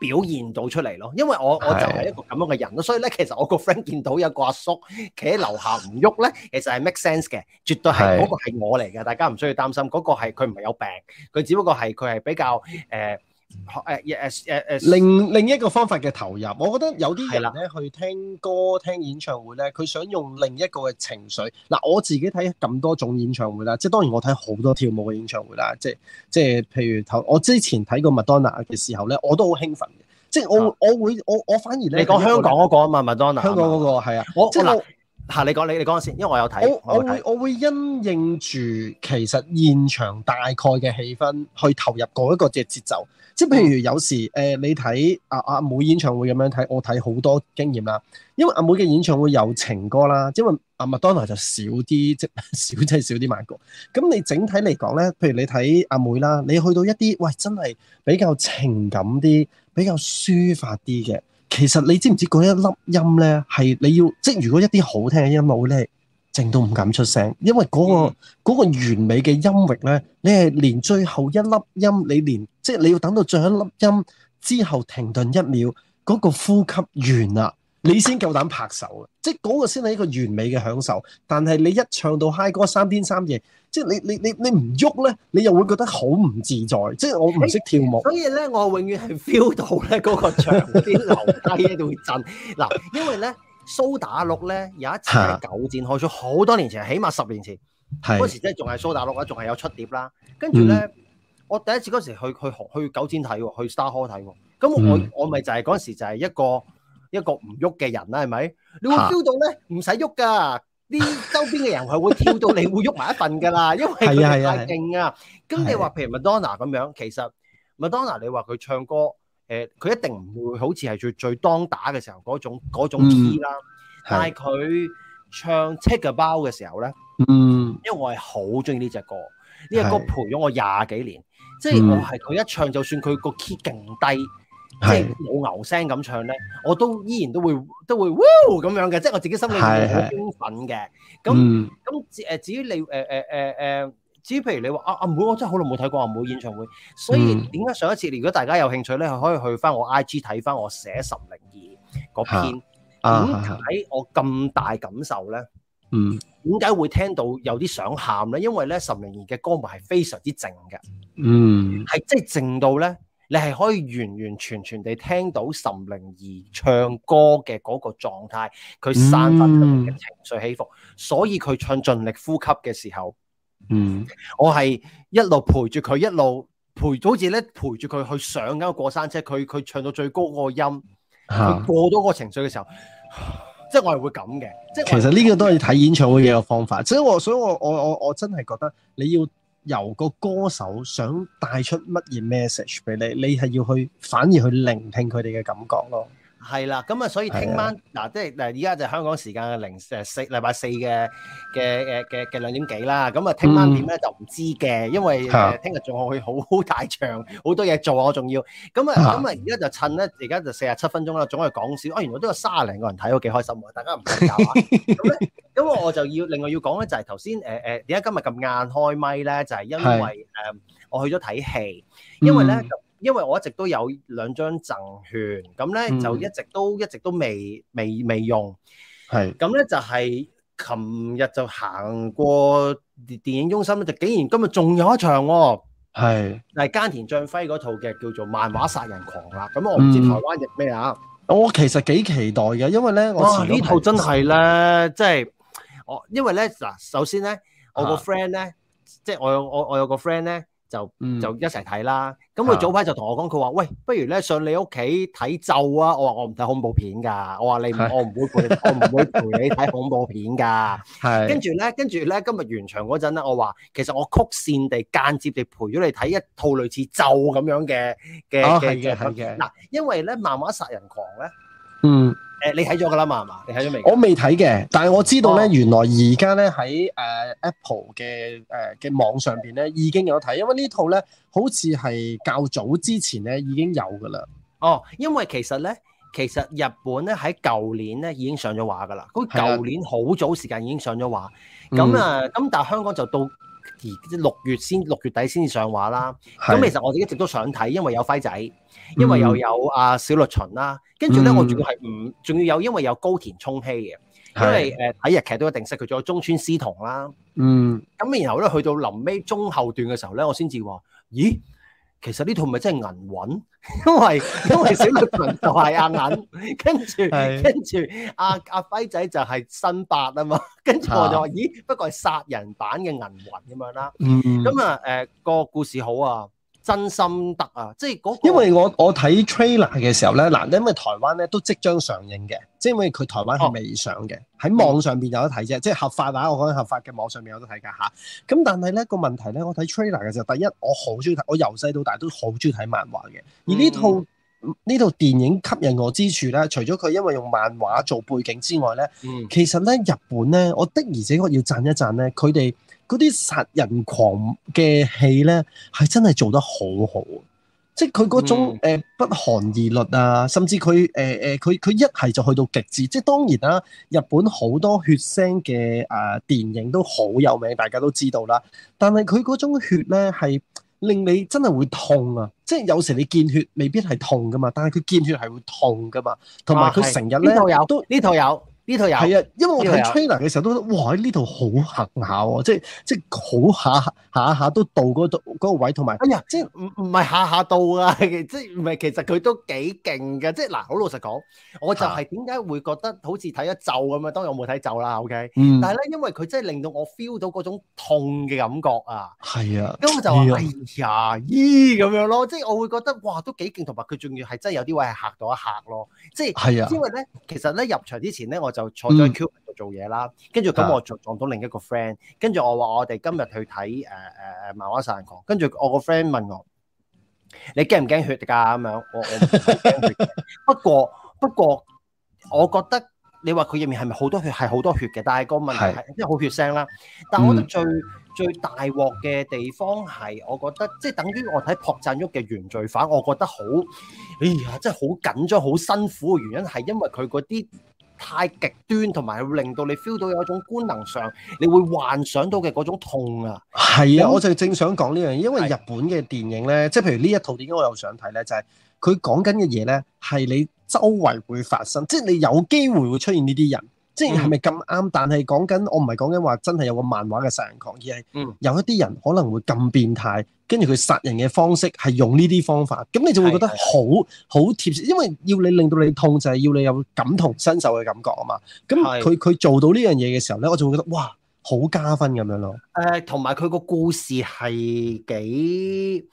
表現到出嚟咯，因為我我就係一個咁樣嘅人咯，所以咧其實我個 friend 見到有個阿叔企喺樓下唔喐咧，其實係 make sense 嘅，絕對係嗰個係我嚟嘅，大家唔需要擔心，嗰、嗰個係佢唔係有病，佢只不過係佢係比較誒。呃學、uh, 誒、yes, yes, yes，誒誒誒另另一個方法嘅投入，我覺得有啲人咧去聽歌、聽演唱會咧，佢想用另一個嘅情緒。嗱，我自己睇咁多種演唱會啦，即係當然我睇好多跳舞嘅演唱會啦，即係即係譬如頭，我之前睇過麥當娜嘅時候咧，我都好興奮嘅，即係我、嗯、我，我會我我反而你講香港嗰個啊嘛，麥當娜。香港嗰、嗰個係啊，我即係吓，你講你你講先，因為我有睇，我會因應住其實現場大概嘅氣氛去投入嗰一個嘅節奏。即係譬如有時誒、嗯呃，你睇阿、啊、阿妹演唱會咁樣睇，我睇好多經驗啦。因為阿妹嘅演唱會有情歌啦，因為阿麥當娜就少啲，即、就是、少即係少啲慢歌。咁你整體嚟講咧，譬如你睇阿妹啦，你去到一啲喂真係比較情感啲、比較抒發啲嘅。其實你知唔知嗰一粒音咧，係你要即係如果一啲好聽嘅音樂咧，靜到唔敢出聲，因為嗰個嗰個完美嘅音域咧，你係連最後一粒音，你連即係你要等到最後一粒音之後停頓一秒，嗰個呼吸完啦。你先夠膽拍手嘅，即係嗰個先係一個完美嘅享受。但係你一唱到嗨歌，三天三夜，即係你你你你唔喐咧，你又會覺得好唔自在。即係我唔識跳舞，所以咧，我永遠係 feel 到咧嗰個場嗰啲樓梯咧會震。嗱， 因為咧蘇打綠咧有一次喺九展開咗，好多年前，起碼十年前，嗰時即係仲係蘇打綠啊，仲係有出碟啦。跟住咧、嗯，我第一次嗰時去去去九展睇喎，去 Star Hall 睇喎。咁我、嗯、我咪就係、是、嗰時就係一個一個唔喐嘅人啦，係咪？你會飆到咧，唔使喐噶。啲周邊嘅人係會飆到你會喐埋一份㗎啦， 因為佢哋太勁啊。咁你話譬如麥當娜咁樣，其實麥當娜你話佢唱歌，誒佢一定唔會好似係最最當打嘅時候嗰種嗰種 key 啦、嗯。但係佢唱《Take a Bow》嘅時候咧，嗯，因為我係好中意呢隻歌，呢隻歌陪咗我廿幾年，嗯、即係我係佢一唱就算佢個 key 勁低。即係冇牛聲咁唱咧，我都依然都會都會嘩咁樣嘅，即係我自己心裏面好興奮嘅。咁咁誒，至於你誒誒誒誒，至於譬如你話啊阿妹，我真係好耐冇睇過阿妹演唱會，所以點解、嗯、上一次？如果大家有興趣咧，可以去翻我 IG 睇翻我寫十零二嗰篇，點解我咁大感受咧？嗯，點解會聽到有啲想喊咧？因為咧十零二嘅歌迷係非常之靜嘅，嗯，係即係靜到咧。你係可以完完全全地聽到岑寧兒唱歌嘅嗰個狀態，佢散發出嘅情緒起伏，所以佢唱盡力呼吸嘅時候，嗯，我係一路陪住佢，一路陪，好似咧陪住佢去上緊個過山車。佢佢唱到最高嗰個音，佢、啊、過咗嗰個情緒嘅時候，即係我係會咁嘅。即係其實呢個都係睇演唱會嘅一個方法。所以，我所以我，我所以，我我我我真係覺得你要。由個歌手想帶出乜嘢 message 俾你，你係要去反而去聆聽佢哋嘅感覺咯。係啦，咁啊，所以聽晚嗱，即係嗱，而家就係香港時間嘅零誒四禮拜四嘅嘅嘅嘅嘅兩點幾啦。咁啊，聽晚點咧就唔知嘅，因為聽日仲去好好大場，好多嘢做，我仲要。咁啊，咁啊，而、嗯、家就趁咧，而家就四十七分鐘啦，總係講少。啊，原來都有卅零個人睇，我幾開心喎！大家唔使搞啊。咁 咧，咁我就要另外要講咧、呃呃，就係頭先誒誒點解今日咁晏開咪咧？就係因為誒、呃、我去咗睇戲，因為咧。嗯因為我一直都有兩張贈券，咁咧就一直都、嗯、一直都未未未用。係咁咧就係琴日就行過電影中心咧，就竟然今日仲有一場喎、啊。係嗱，菅、就是、田將暉嗰套劇叫做《漫畫殺人狂》啦。咁我唔知台灣譯咩啊？我其實幾期待嘅，因為咧，哇、啊！呢套真係咧，即係我因為咧嗱，首先咧，我個 friend 咧，即係我有我我有個 friend 咧。就就一齊睇啦。咁、嗯、佢早排就同我講，佢話喂，不如咧上你屋企睇咒啊。我話我唔睇恐怖片噶。我話你唔，我唔會陪，你，我唔會陪你睇恐怖片噶。係。跟住咧，跟住咧，今日完場嗰陣咧，我話其實我曲線地間接地陪咗你睇一套類似咒咁樣嘅嘅嘅。哦，係嘅，係嘅。嗱，因為咧漫畫殺人狂咧。嗯。誒、欸、你睇咗噶啦嘛係嘛？你睇咗未？我未睇嘅，但係我知道咧、哦，原來而家咧喺誒 Apple 嘅誒嘅網上邊咧已經有睇，因為呢套呢套咧好似係較早之前咧已經有噶啦。哦，因為其實咧，其實日本咧喺舊年咧已經上咗畫噶啦，咁舊、啊、年好早時間已經上咗畫，咁、嗯、啊，咁但係香港就到。六月先六月底先至上畫啦，咁其實我哋一直都想睇，因為有輝仔，因為又有阿小栗旬啦，跟住咧我仲要係唔仲要有，因為有高田充希嘅，因為誒睇日劇都一定識，佢仲有中村獅童啦，嗯，咁然後咧去到臨尾中後段嘅時候咧，我先至話，咦？其實呢套咪真係銀魂 因，因為因為小綠瓶就係阿銀 跟着， 跟住跟住阿阿輝仔就係新八啊嘛，跟住我就話咦，不過係殺人版嘅銀魂咁樣啦，咁啊誒個故事好啊。真心得啊！即係嗰個，因為我我睇 trailer 嘅時候咧，嗱，因為台灣咧都即將上映嘅、哦嗯，即係因為佢台灣係未上嘅，喺網上面有得睇啫，即係合法，話我講合法嘅網上面有得睇㗎吓。咁，但係咧，個問題咧，我睇 trailer 嘅時候，第一我好中意睇，我由細到大都好中意睇漫畫嘅。而呢套呢、嗯、套電影吸引我之處咧，除咗佢因為用漫畫做背景之外咧、嗯，其實咧日本咧，我的而且確要讚一讚咧，佢哋。嗰啲殺人狂嘅戲咧，係真係做得好好。即係佢嗰種、嗯呃、不寒而栗啊，甚至佢誒誒佢佢一係就去到極致。即係當然啦、啊，日本好多血腥嘅誒、呃、電影都好有名，大家都知道啦。但係佢嗰種血咧，係令你真係會痛啊！即係有時你見血未必係痛噶嘛，但係佢見血係會痛噶嘛。同埋佢成日咧都呢套、啊、有。呢度又係啊，因為我睇 trailer 嘅時候都覺得，哇，呢度好嚇下喎，即係即係好下下下都到嗰度嗰個位，同埋哎呀，即係唔唔係下下到啊，即係唔係其實佢都幾勁嘅，即係嗱好老實講，我就係點解會覺得好似睇咗咒咁啊？當然我冇睇咒啦，OK，但係咧因為佢真係令到我 feel 到嗰種痛嘅感覺啊，係啊，咁我就話哎呀咦咁樣咯，即係我會覺得哇都幾勁，同埋佢仲要係真係有啲位係嚇到一嚇咯，即係因為咧其實咧入場之前咧我就。就坐咗喺 Q 群度做嘢啦，跟住咁我就撞到另一個 friend，跟住我話我哋今日去睇誒誒誒漫畫殺人狂，跟、呃、住我個 friend 問我：你驚唔驚血㗎？咁樣，我我唔驚血 不，不過不過我覺得你話佢入面係咪好多血係好多血嘅？但係個問題即係好血腥啦。但係我覺得最、嗯、最大鑊嘅地方係，我覺得即係、就是、等於我睇朴贊旭嘅原罪犯，我覺得好哎呀，真係好緊張、好辛苦嘅原因係因為佢嗰啲。太極端同埋會令到你 feel 到有一種官能上，你會幻想到嘅嗰種痛啊！係啊，我就正想講呢樣嘢，因為日本嘅電影咧，即係譬如呢一套電影，我又想睇咧，就係佢講緊嘅嘢咧，係你周圍會發生，即係你有機會會出現呢啲人。嗯、即係咪咁啱？但係講緊，我唔係講緊話真係有個漫畫嘅殺人狂，而係有一啲人可能會咁變態，跟住佢殺人嘅方式係用呢啲方法，咁你就會覺得好好貼切，因為要你令到你痛就係、是、要你有感同身受嘅感覺啊嘛。咁佢佢做到呢樣嘢嘅時候咧，我就會覺得哇，好加分咁樣咯。誒，同埋佢個故事係幾，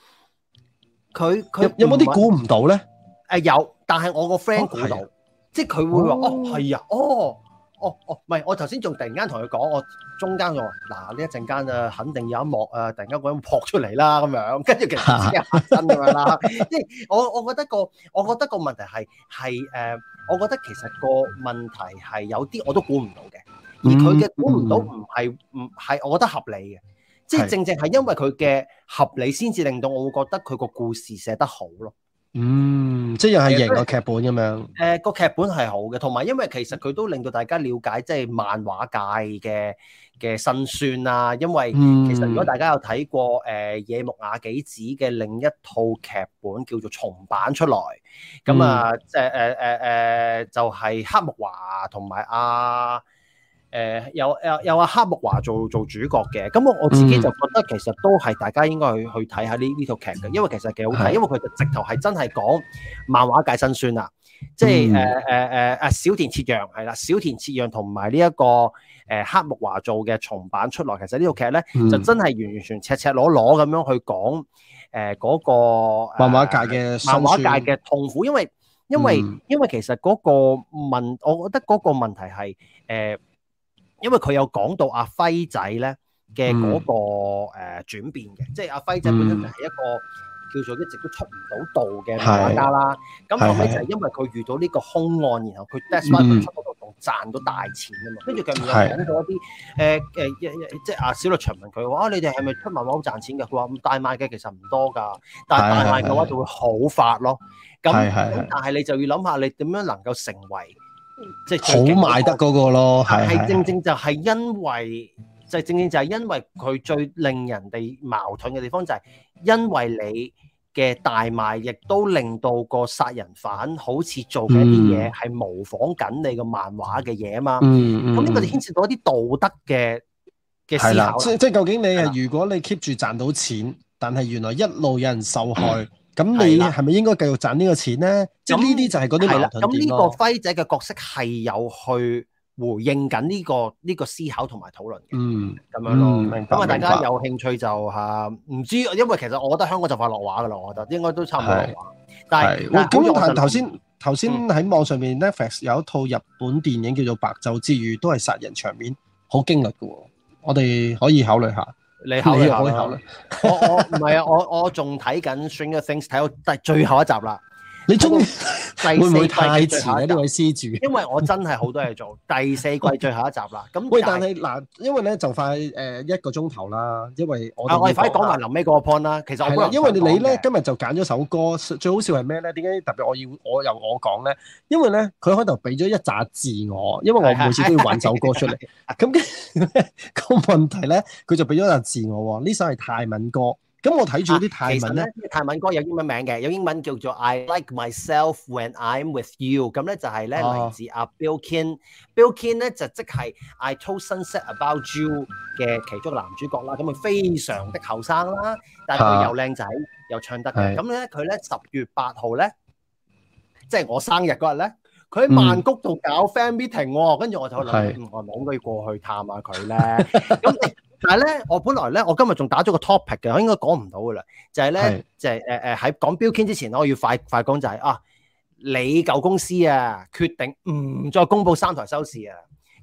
佢佢有冇啲估唔到咧？誒、呃，有，但係我個 friend 估到，即係佢會話哦，係啊、哦哦、啊，哦。哦哦，唔係，我頭先仲突然間同佢講，我中間就話嗱呢一陣間啊，肯定有一幕啊，突然間嗰種撲出嚟啦咁樣，跟住 其實真係真㗎啦。即係我我覺得個，我覺得個問題係係誒，我覺得其實個問題係有啲我都估唔到嘅，而佢嘅估唔到唔係唔係，嗯、係係我覺得合理嘅，即係正正係因為佢嘅合理先至令到我會覺得佢個故事寫得好咯。嗯，即係又係型的劇、呃那個劇本咁樣。誒，個劇本係好嘅，同埋因為其實佢都令到大家了解即係漫畫界嘅嘅辛酸啊。因為其實如果大家有睇過誒野、呃、木亞紀子嘅另一套劇本叫做重版出來，咁啊，即係誒誒誒，就係、是、黑木華同埋阿。誒、呃、有有有阿黑木華做做主角嘅，咁我我自己就覺得其實都係大家應該去去睇下呢呢套劇嘅，因為其實幾好睇，啊、因為佢就直頭係真係講漫畫界辛酸、嗯、啊！即係誒誒誒阿小田切讓係啦，小田切讓同埋呢一個誒、呃、黑木華做嘅重版出來，其實呢套劇咧就真係完完全赤赤裸裸咁樣去講誒嗰、呃嗰個、呃、漫畫界嘅漫畫界嘅痛苦，因為因為、嗯、因為其實嗰、嗰個問，我覺得嗰個問題係因為佢有講到阿輝仔咧嘅嗰個誒轉變嘅、嗯，即係阿輝仔本、嗯、身就係一個叫做一直都出唔到道嘅漫畫家啦。咁後屘就係因為佢遇到呢個兇案，然後佢 Dash o 嗰度仲賺到大錢啊嘛。跟住佢又講咗一啲誒誒，即係阿小律長問佢話，你哋係咪出漫畫好賺錢㗎？佢話大賣嘅其實唔多㗎，但係大賣嘅話就會好發咯。咁但係你就要諗下，你點樣能夠成為？即係好賣得嗰個咯，係係正正就係因為，就正正就係因為佢最令人哋矛盾嘅地方就係，因為你嘅大賣，亦都令到個殺人犯好似做緊一啲嘢係模仿緊你個漫畫嘅嘢啊嘛，咁、嗯、呢個就牽涉到一啲道德嘅嘅思考、嗯嗯嗯。即即究竟你係如果你 keep 住賺到錢，但係原來一路有人受害。嗯。咁你係咪應該繼續賺呢個錢咧？咁呢啲就係嗰啲矛盾點。咁呢個輝仔嘅角色係有去回應緊、這、呢個呢、這個思考同埋討論嘅。嗯，咁樣咯，咁、嗯、啊，大家有興趣就嚇唔、啊、知，因為其實我覺得香港就快落畫噶啦，我覺得應該都差唔多落畫。咁但係頭先頭先喺網上面 Netflix、嗯、有一套日本電影叫做《白晝之語》，都係殺人場面，好驚慄嘅喎。我哋可以考慮下。你考一考啦，我我唔係啊，我我仲睇緊《Stranger Things》，睇到最後一集啦。你鍾意會唔會太遲？因為我真係好多嘢做。第四季最後一集啦。咁、就是、喂，但係嗱，因為咧就快一個鐘頭啦，因為我、啊、我哋快講埋臨尾嗰個 point 啦。其實我因為你咧今日就揀咗首歌，最好笑係咩咧？點解特別我要我由我講咧？因為咧佢開頭俾咗一紮字我，因為我每次都要揾首歌出嚟。咁 嘅、那個問題咧，佢就俾咗一紮字我喎。呢首係泰文歌。咁我睇住啲泰文咧、啊，泰文歌有英文名嘅，有英文叫做 I Like Myself When I'm With You，咁咧就係咧嚟自、啊、阿、啊、Billkin，Billkin 咧就即係 I Told Sunset About You 嘅其中個男主角啦，咁佢非常的後生啦，但係佢又靚仔、啊、又唱得嘅，咁咧佢咧十月八號咧，即、就、係、是、我生日嗰日咧，佢喺曼谷度搞 Fan Meeting 喎、哦，跟、嗯、住我就諗、嗯、我唔好唔好要過去探下佢咧。 嗯 但係咧，我本來咧，我今日仲打咗個 topic 嘅，我應該講唔到噶啦。就係、是、咧，就係、是、誒誒、呃、喺講 Bill King 之前，我要快快講就係、是、啊，你舊公司啊，決定唔再公布三台收視啊。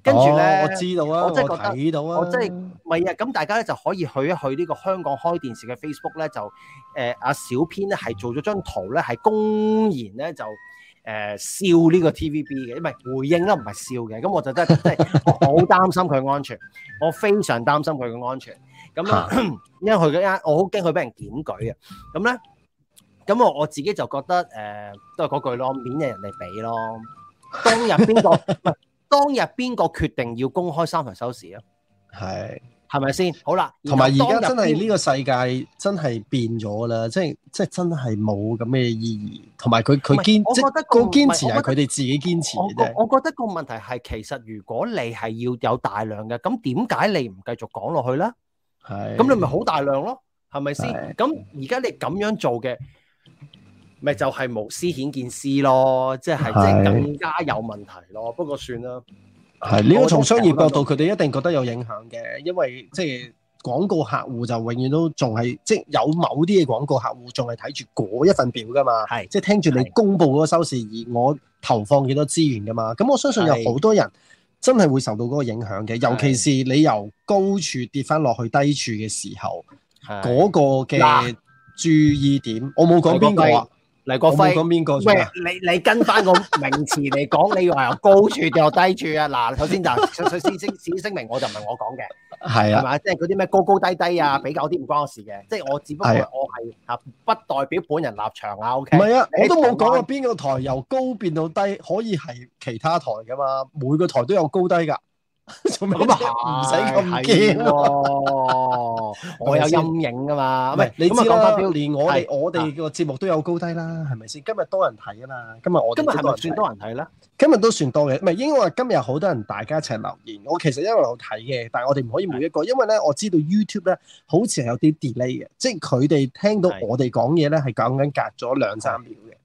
跟住咧、哦，我知道啊，我真係睇到啊，我真係係啊。咁、呃、大家咧就可以去一去呢個香港開電視嘅 Facebook 咧，就誒阿、呃、小編咧係做咗張圖咧，係公然咧就。誒、嗯、笑呢個 TVB 嘅，唔係回應咯，唔係笑嘅，咁我就真真係我好擔心佢安全，我非常擔心佢嘅安全，咁 因為佢嘅啱，我好驚佢俾人檢舉嘅，咁咧，咁我我自己就覺得誒、呃，都係嗰句咯，免人哋俾咯，當日邊個？唔 當日邊個決定要公開三台收視啊？係。係咪先？好啦，同埋而家真係呢個世界真係變咗啦，即係即係真係冇咁嘅意義。同埋佢佢堅，我覺得個堅持係佢哋自己堅持嘅。我覺得個問題係其實，如果你係要有大量嘅，咁點解你唔繼續講落去咧？係。咁你咪好大量咯？係咪先？咁而家你咁樣做嘅，咪就係無私顯見私咯？即係即係更加有問題咯。不過算啦。係，你個從商業角度，佢哋一定覺得有影響嘅，因為即係廣告客戶就永遠都仲係，即係有某啲嘅廣告客戶仲係睇住嗰一份表噶嘛。係，即係聽住你公布嗰個收視，而我投放幾多資源噶嘛。咁我相信有好多人真係會受到嗰個影響嘅，尤其是你由高處跌翻落去低處嘅時候，嗰、嗰個嘅注意點，我冇講邊個啊。黎國輝，唔好講邊個。喂，你你跟翻個名詞嚟講， 你話由高處掉低處 啊？嗱，首先就，先先先聲明，我就唔係我講嘅，係啊，係嘛，即係嗰啲咩高高低低啊，嗯、比較啲唔關我事嘅、啊，即係我只不過我係吓不代表本人立場啊。O K，唔係啊，我都冇講過，邊個台由高變到低，可以係其他台噶嘛，每個台都有高低噶。咁又唔使咁驚，我有陰影㗎嘛。唔 係你知道代表連我哋我哋個節目都有高低啦，係咪先？今日多人睇啊嘛，今日我今日係咪算多人睇啦。今日都算多嘅，唔係應該話今日好多人，大家一齊留言。我其實一路睇嘅，但係我哋唔可以每一個，因為咧我知道 YouTube 咧，好似係有啲 delay 嘅，即係佢哋聽到我哋講嘢咧，係講緊隔咗兩三秒嘅。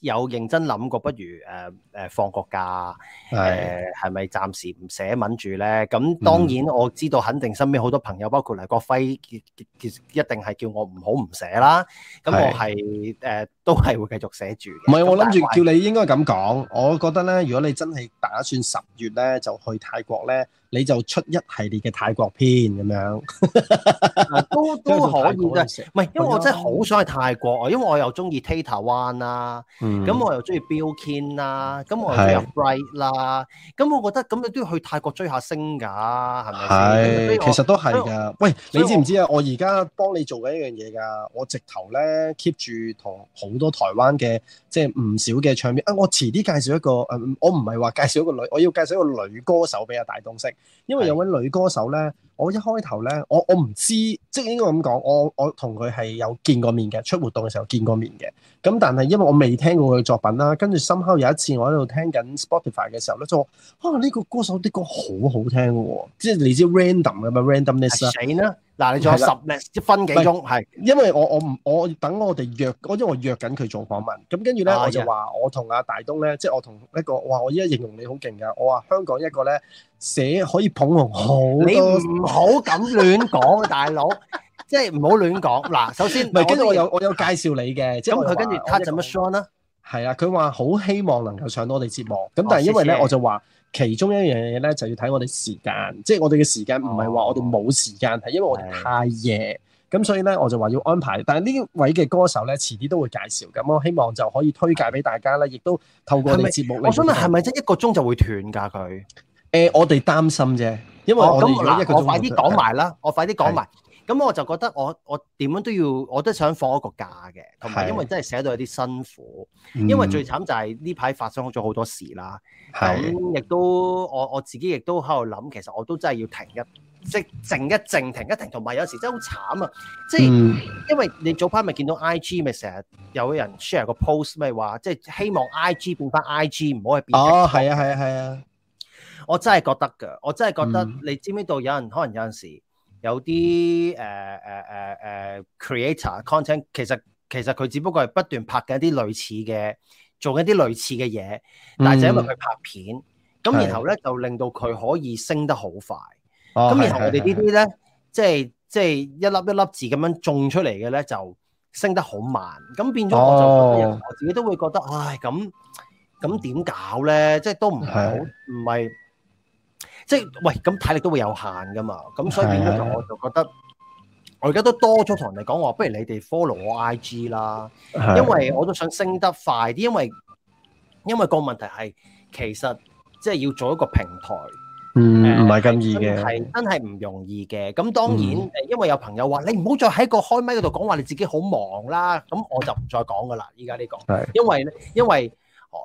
有認真諗過，不如誒誒、呃、放個假，誒係咪暫時唔寫文住咧？咁當然我知道，肯定身邊好多朋友，嗯、包括黎國輝，其實一定係叫我唔好唔寫啦。咁我係誒、呃、都係會繼續寫住。唔係我諗住叫你應該咁講，我覺得咧，如果你真係打算十月咧就去泰國咧，你就出一系列嘅泰國篇咁樣， 都都可以嘅。唔係，因為我真係好想去泰國啊，因為我又中意 Tata One 啊。嗯咁、嗯、我又中意 Billkin 啦，咁我又中意 Bright 啦，咁我覺得咁你都要去泰國追下星㗎，係咪？係，其實都係㗎。喂，你知唔知啊？我而家幫你做緊一樣嘢㗎，我直頭咧 keep 住同好多台灣嘅即係唔少嘅唱片。啊，我遲啲介紹一個，我唔係話介紹一個女，我要介紹一個女歌手俾阿大東識，因為有位女歌手咧。我一開頭咧，我我唔知，即係應該咁講，我我同佢係有見過面嘅，出活動嘅時候見過面嘅。咁但係因為我未聽過佢嘅作品啦，跟住深刻有一次我喺度聽緊 Spotify 嘅時候咧，就話啊呢個歌手啲歌好好聽喎，即係你知 random 嘅嘛，randomness 啊。啊嗱，你仲有十零一分幾鐘？係，因為我我唔我等我哋約，因為我約緊佢做訪問。咁跟住咧，我就話我同阿大東咧，即係我同一個哇！我依家形容你好勁㗎，我話香港一個咧寫可以捧紅好多。你唔好咁亂講， 大佬，即係唔好亂講。嗱，首先唔係，跟住我有我有介紹你嘅。即咁佢跟住 cut 咗咪 short 啦。係啊，佢話好希望能夠上到我哋節目。咁、哦、但係因為咧，我就話。其中一樣嘢咧，就要睇我哋時間，即係我哋嘅時間唔係話我哋冇時間，係、嗯、因為我哋太夜，咁所以咧我就話要安排。但係呢位嘅歌手咧，遲啲都會介紹，咁我希望就可以推介俾大家咧，亦都透過啲節目係。我想問係咪即係一個鐘就會斷㗎佢？誒、呃，我哋擔心啫，因為我哋、哦、如果一個鐘，我快啲講埋啦，我快啲講埋。咁我就覺得我我點樣都要，我都想放一個假嘅，同埋因為真係寫到有啲辛苦，嗯、因為最慘就係呢排發生咗好多事啦。咁亦都我我自己亦都喺度諗，其實我都真係要停一即係、就是、靜一靜，停一停。同埋有，有時真係好慘啊！即、就、係、是、因為你早排咪見到 I G 咪成日有人 share 個 post 咪話，即、就、係、是、希望 I G 變翻 I G，唔好去變哦。係啊係啊係啊！我真係覺得㗎，我真係覺得、嗯、你知唔知道有人可能有陣時。有啲、呃呃呃、creator content 其實其實佢只不過係不斷拍嘅一啲類似嘅做一啲類似嘅嘢，但係就因為佢拍片，咁、嗯、然後咧就令到佢可以升得好快。咁、哦、然後我哋呢啲咧，即係即係一粒一粒字咁樣種出嚟嘅咧，就升得好慢。咁變咗我、哦、我自己都會覺得，唉、哎，咁咁點搞咧？即係都唔係好唔係。即係喂，咁體力都會有限㗎嘛，咁所以變咗我就覺得，我而家都多咗同人哋講話，不如你哋 follow 我 IG 啦，因為我都想升得快啲，因為因為個問題係其實即係要做一個平台，嗯，唔係咁易嘅，係真係唔容易嘅。咁當然，因為有朋友話你唔好再喺個開咪嗰度講話你自己好忙啦，咁我就唔再講㗎喇。依家呢個，因為咧，因為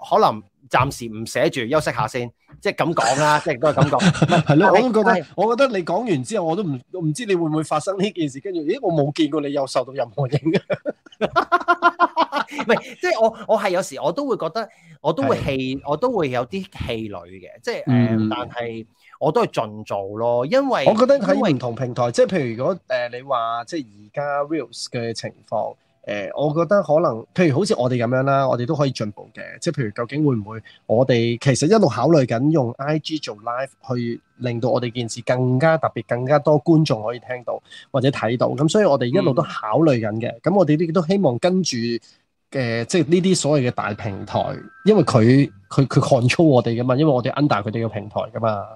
可能。暫時唔寫住，休息下先，即係咁講啦，即係都係咁講。係咯、 啊，我都覺得、啊，我覺得你講完之後，我都唔唔知你會唔會發生呢件事，跟住，咦？我冇見過你又受到任何影響。唔係 即係我我係有時我都會覺得，我都會氣，是的我都會有啲氣餒嘅，即係誒、嗯，但係我都係盡做咯。因為我覺得喺唔同平台，即係譬如如果誒你話即係而家 reels 嘅情況。呃、我覺得可能，譬如好似我哋咁樣啦，我哋都可以進步嘅。即係譬如，究竟會唔會我哋其實一路考慮緊用 IG 做 live，去令到我哋件事更加特別，更加多觀眾可以聽到或者睇到。咁所以我，嗯、我哋一路都考慮緊嘅。咁我哋亦都希望跟住、呃、即係呢啲所謂嘅大平台，因為佢佢佢 control 我哋㗎嘛，因為我哋 under 佢哋嘅平台㗎嘛。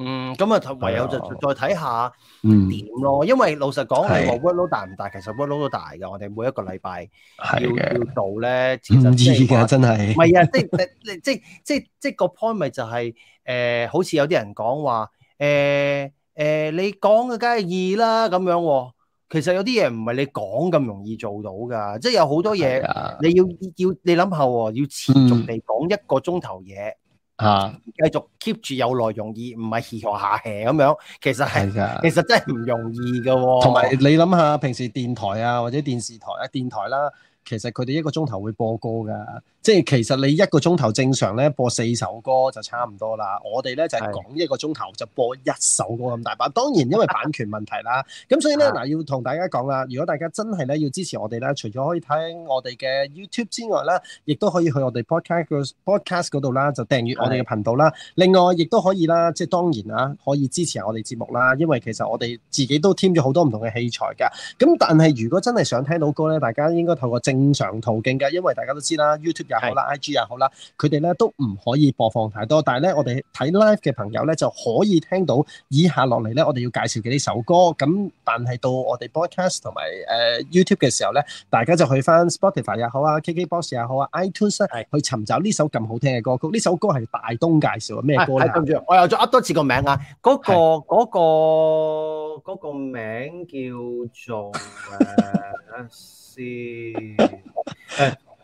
嗯，咁啊唯有就再睇下點、嗯、咯。因為老實講，你話 workload 大唔大，其實 workload 都大嘅。我哋每一個禮拜要要做咧，其實唔、就是、易㗎，真係。唔係啊，即即即係個 point 咪就係，好似有啲人講話，誒、欸欸、你講嘅梗係易啦咁樣喎、哦。其實有啲嘢唔係你講咁容易做到㗎，即、就是、有好多嘢你要要你諗下喎，要持續地講一個鐘頭嘢。嗯啊，繼續 keep 住有內容，而唔係 hea 下下咁樣，其實係其實真係唔容易噶、啊。同埋你諗下，平時電台啊或者電視台啊電台啦、啊，其實佢哋一個鐘頭會播歌噶。即係其實你一個鐘頭正常咧播四首歌就差唔多啦。我哋咧就係、是、講一個鐘頭就播一首歌咁大把。當然因為版權問題啦，咁 所以咧嗱要同大家講啦，如果大家真係咧要支持我哋咧，除咗可以聽我哋嘅 YouTube 之外啦，亦都可以去我哋 Podcast Podcast 嗰度啦，就訂閱我哋嘅頻道啦。另外亦都可以啦，即係當然啦可以支持下我哋節目啦。因為其實我哋自己都添咗好多唔同嘅器材㗎。咁但係如果真係想聽到歌咧，大家應該透過正常途徑㗎，因為大家都知啦，YouTube。IG 好啦，I G 又好啦，佢哋咧都唔可以播放太多，但係咧我哋睇 live 嘅朋友咧就可以聽到以下落嚟咧，我哋要介紹嘅呢首歌。咁但係到我哋 Podcast 同埋、呃、YouTube 嘅時候咧，大家就去翻 Spotify 又好啊，KKBox 好啊，KKBox 又好啊，iTunes 去尋找呢首咁好聽嘅歌曲。呢首歌係大東介紹嘅咩歌咧？我又再噏多次個名啊，嗰、嗰個嗰、嗰個嗰、嗰個名叫做 s 一下 是的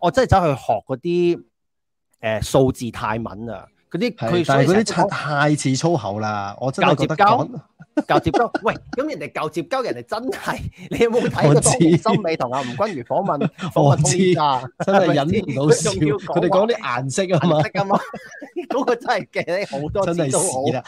我真係走去學嗰啲誒數字泰文啊！嗰啲佢，但嗰啲七太似粗口啦！我真係覺得教接交，教接交。 喂，咁人哋教接交， 人哋真係你有冇睇過？我知。森美同阿吳君如訪問， 我知啊，真係忍唔到笑。佢哋講啲顏色啊嘛，顏色啊嘛，嗰個真係記起好多。真係屎啦！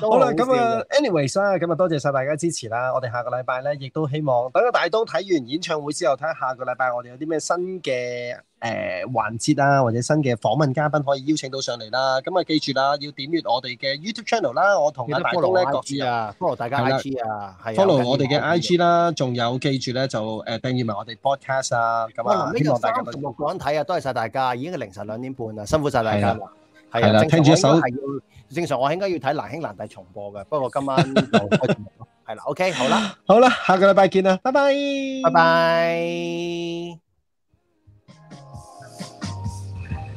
好啦，咁啊，anyways 啦，咁啊，多謝晒大家支持啦！我哋下個禮拜咧，亦都希望等阿大東睇完演唱會之後，睇下下個禮拜我哋有啲咩新嘅。誒環節啊，或者新嘅訪問嘉賓可以邀請到上嚟啦。咁啊，記住啦，要點閱我哋嘅 YouTube channel 啦。我同阿大東咧各自啊，follow 大家 IG 啊，係 follow 我哋嘅 IG 啦。仲有記住咧，就誒訂閱埋我哋 podcast 啊。咁啊，希望大家。我臨尾就三十六個人睇啊，多謝曬大家。已經係凌晨兩點半啦，辛苦曬大家啦。係啊，聽住手。正常我應該要睇難兄難弟重播嘅，不過今晚係啦。OK，好啦，好啦，下個禮拜見啦，拜拜，拜拜。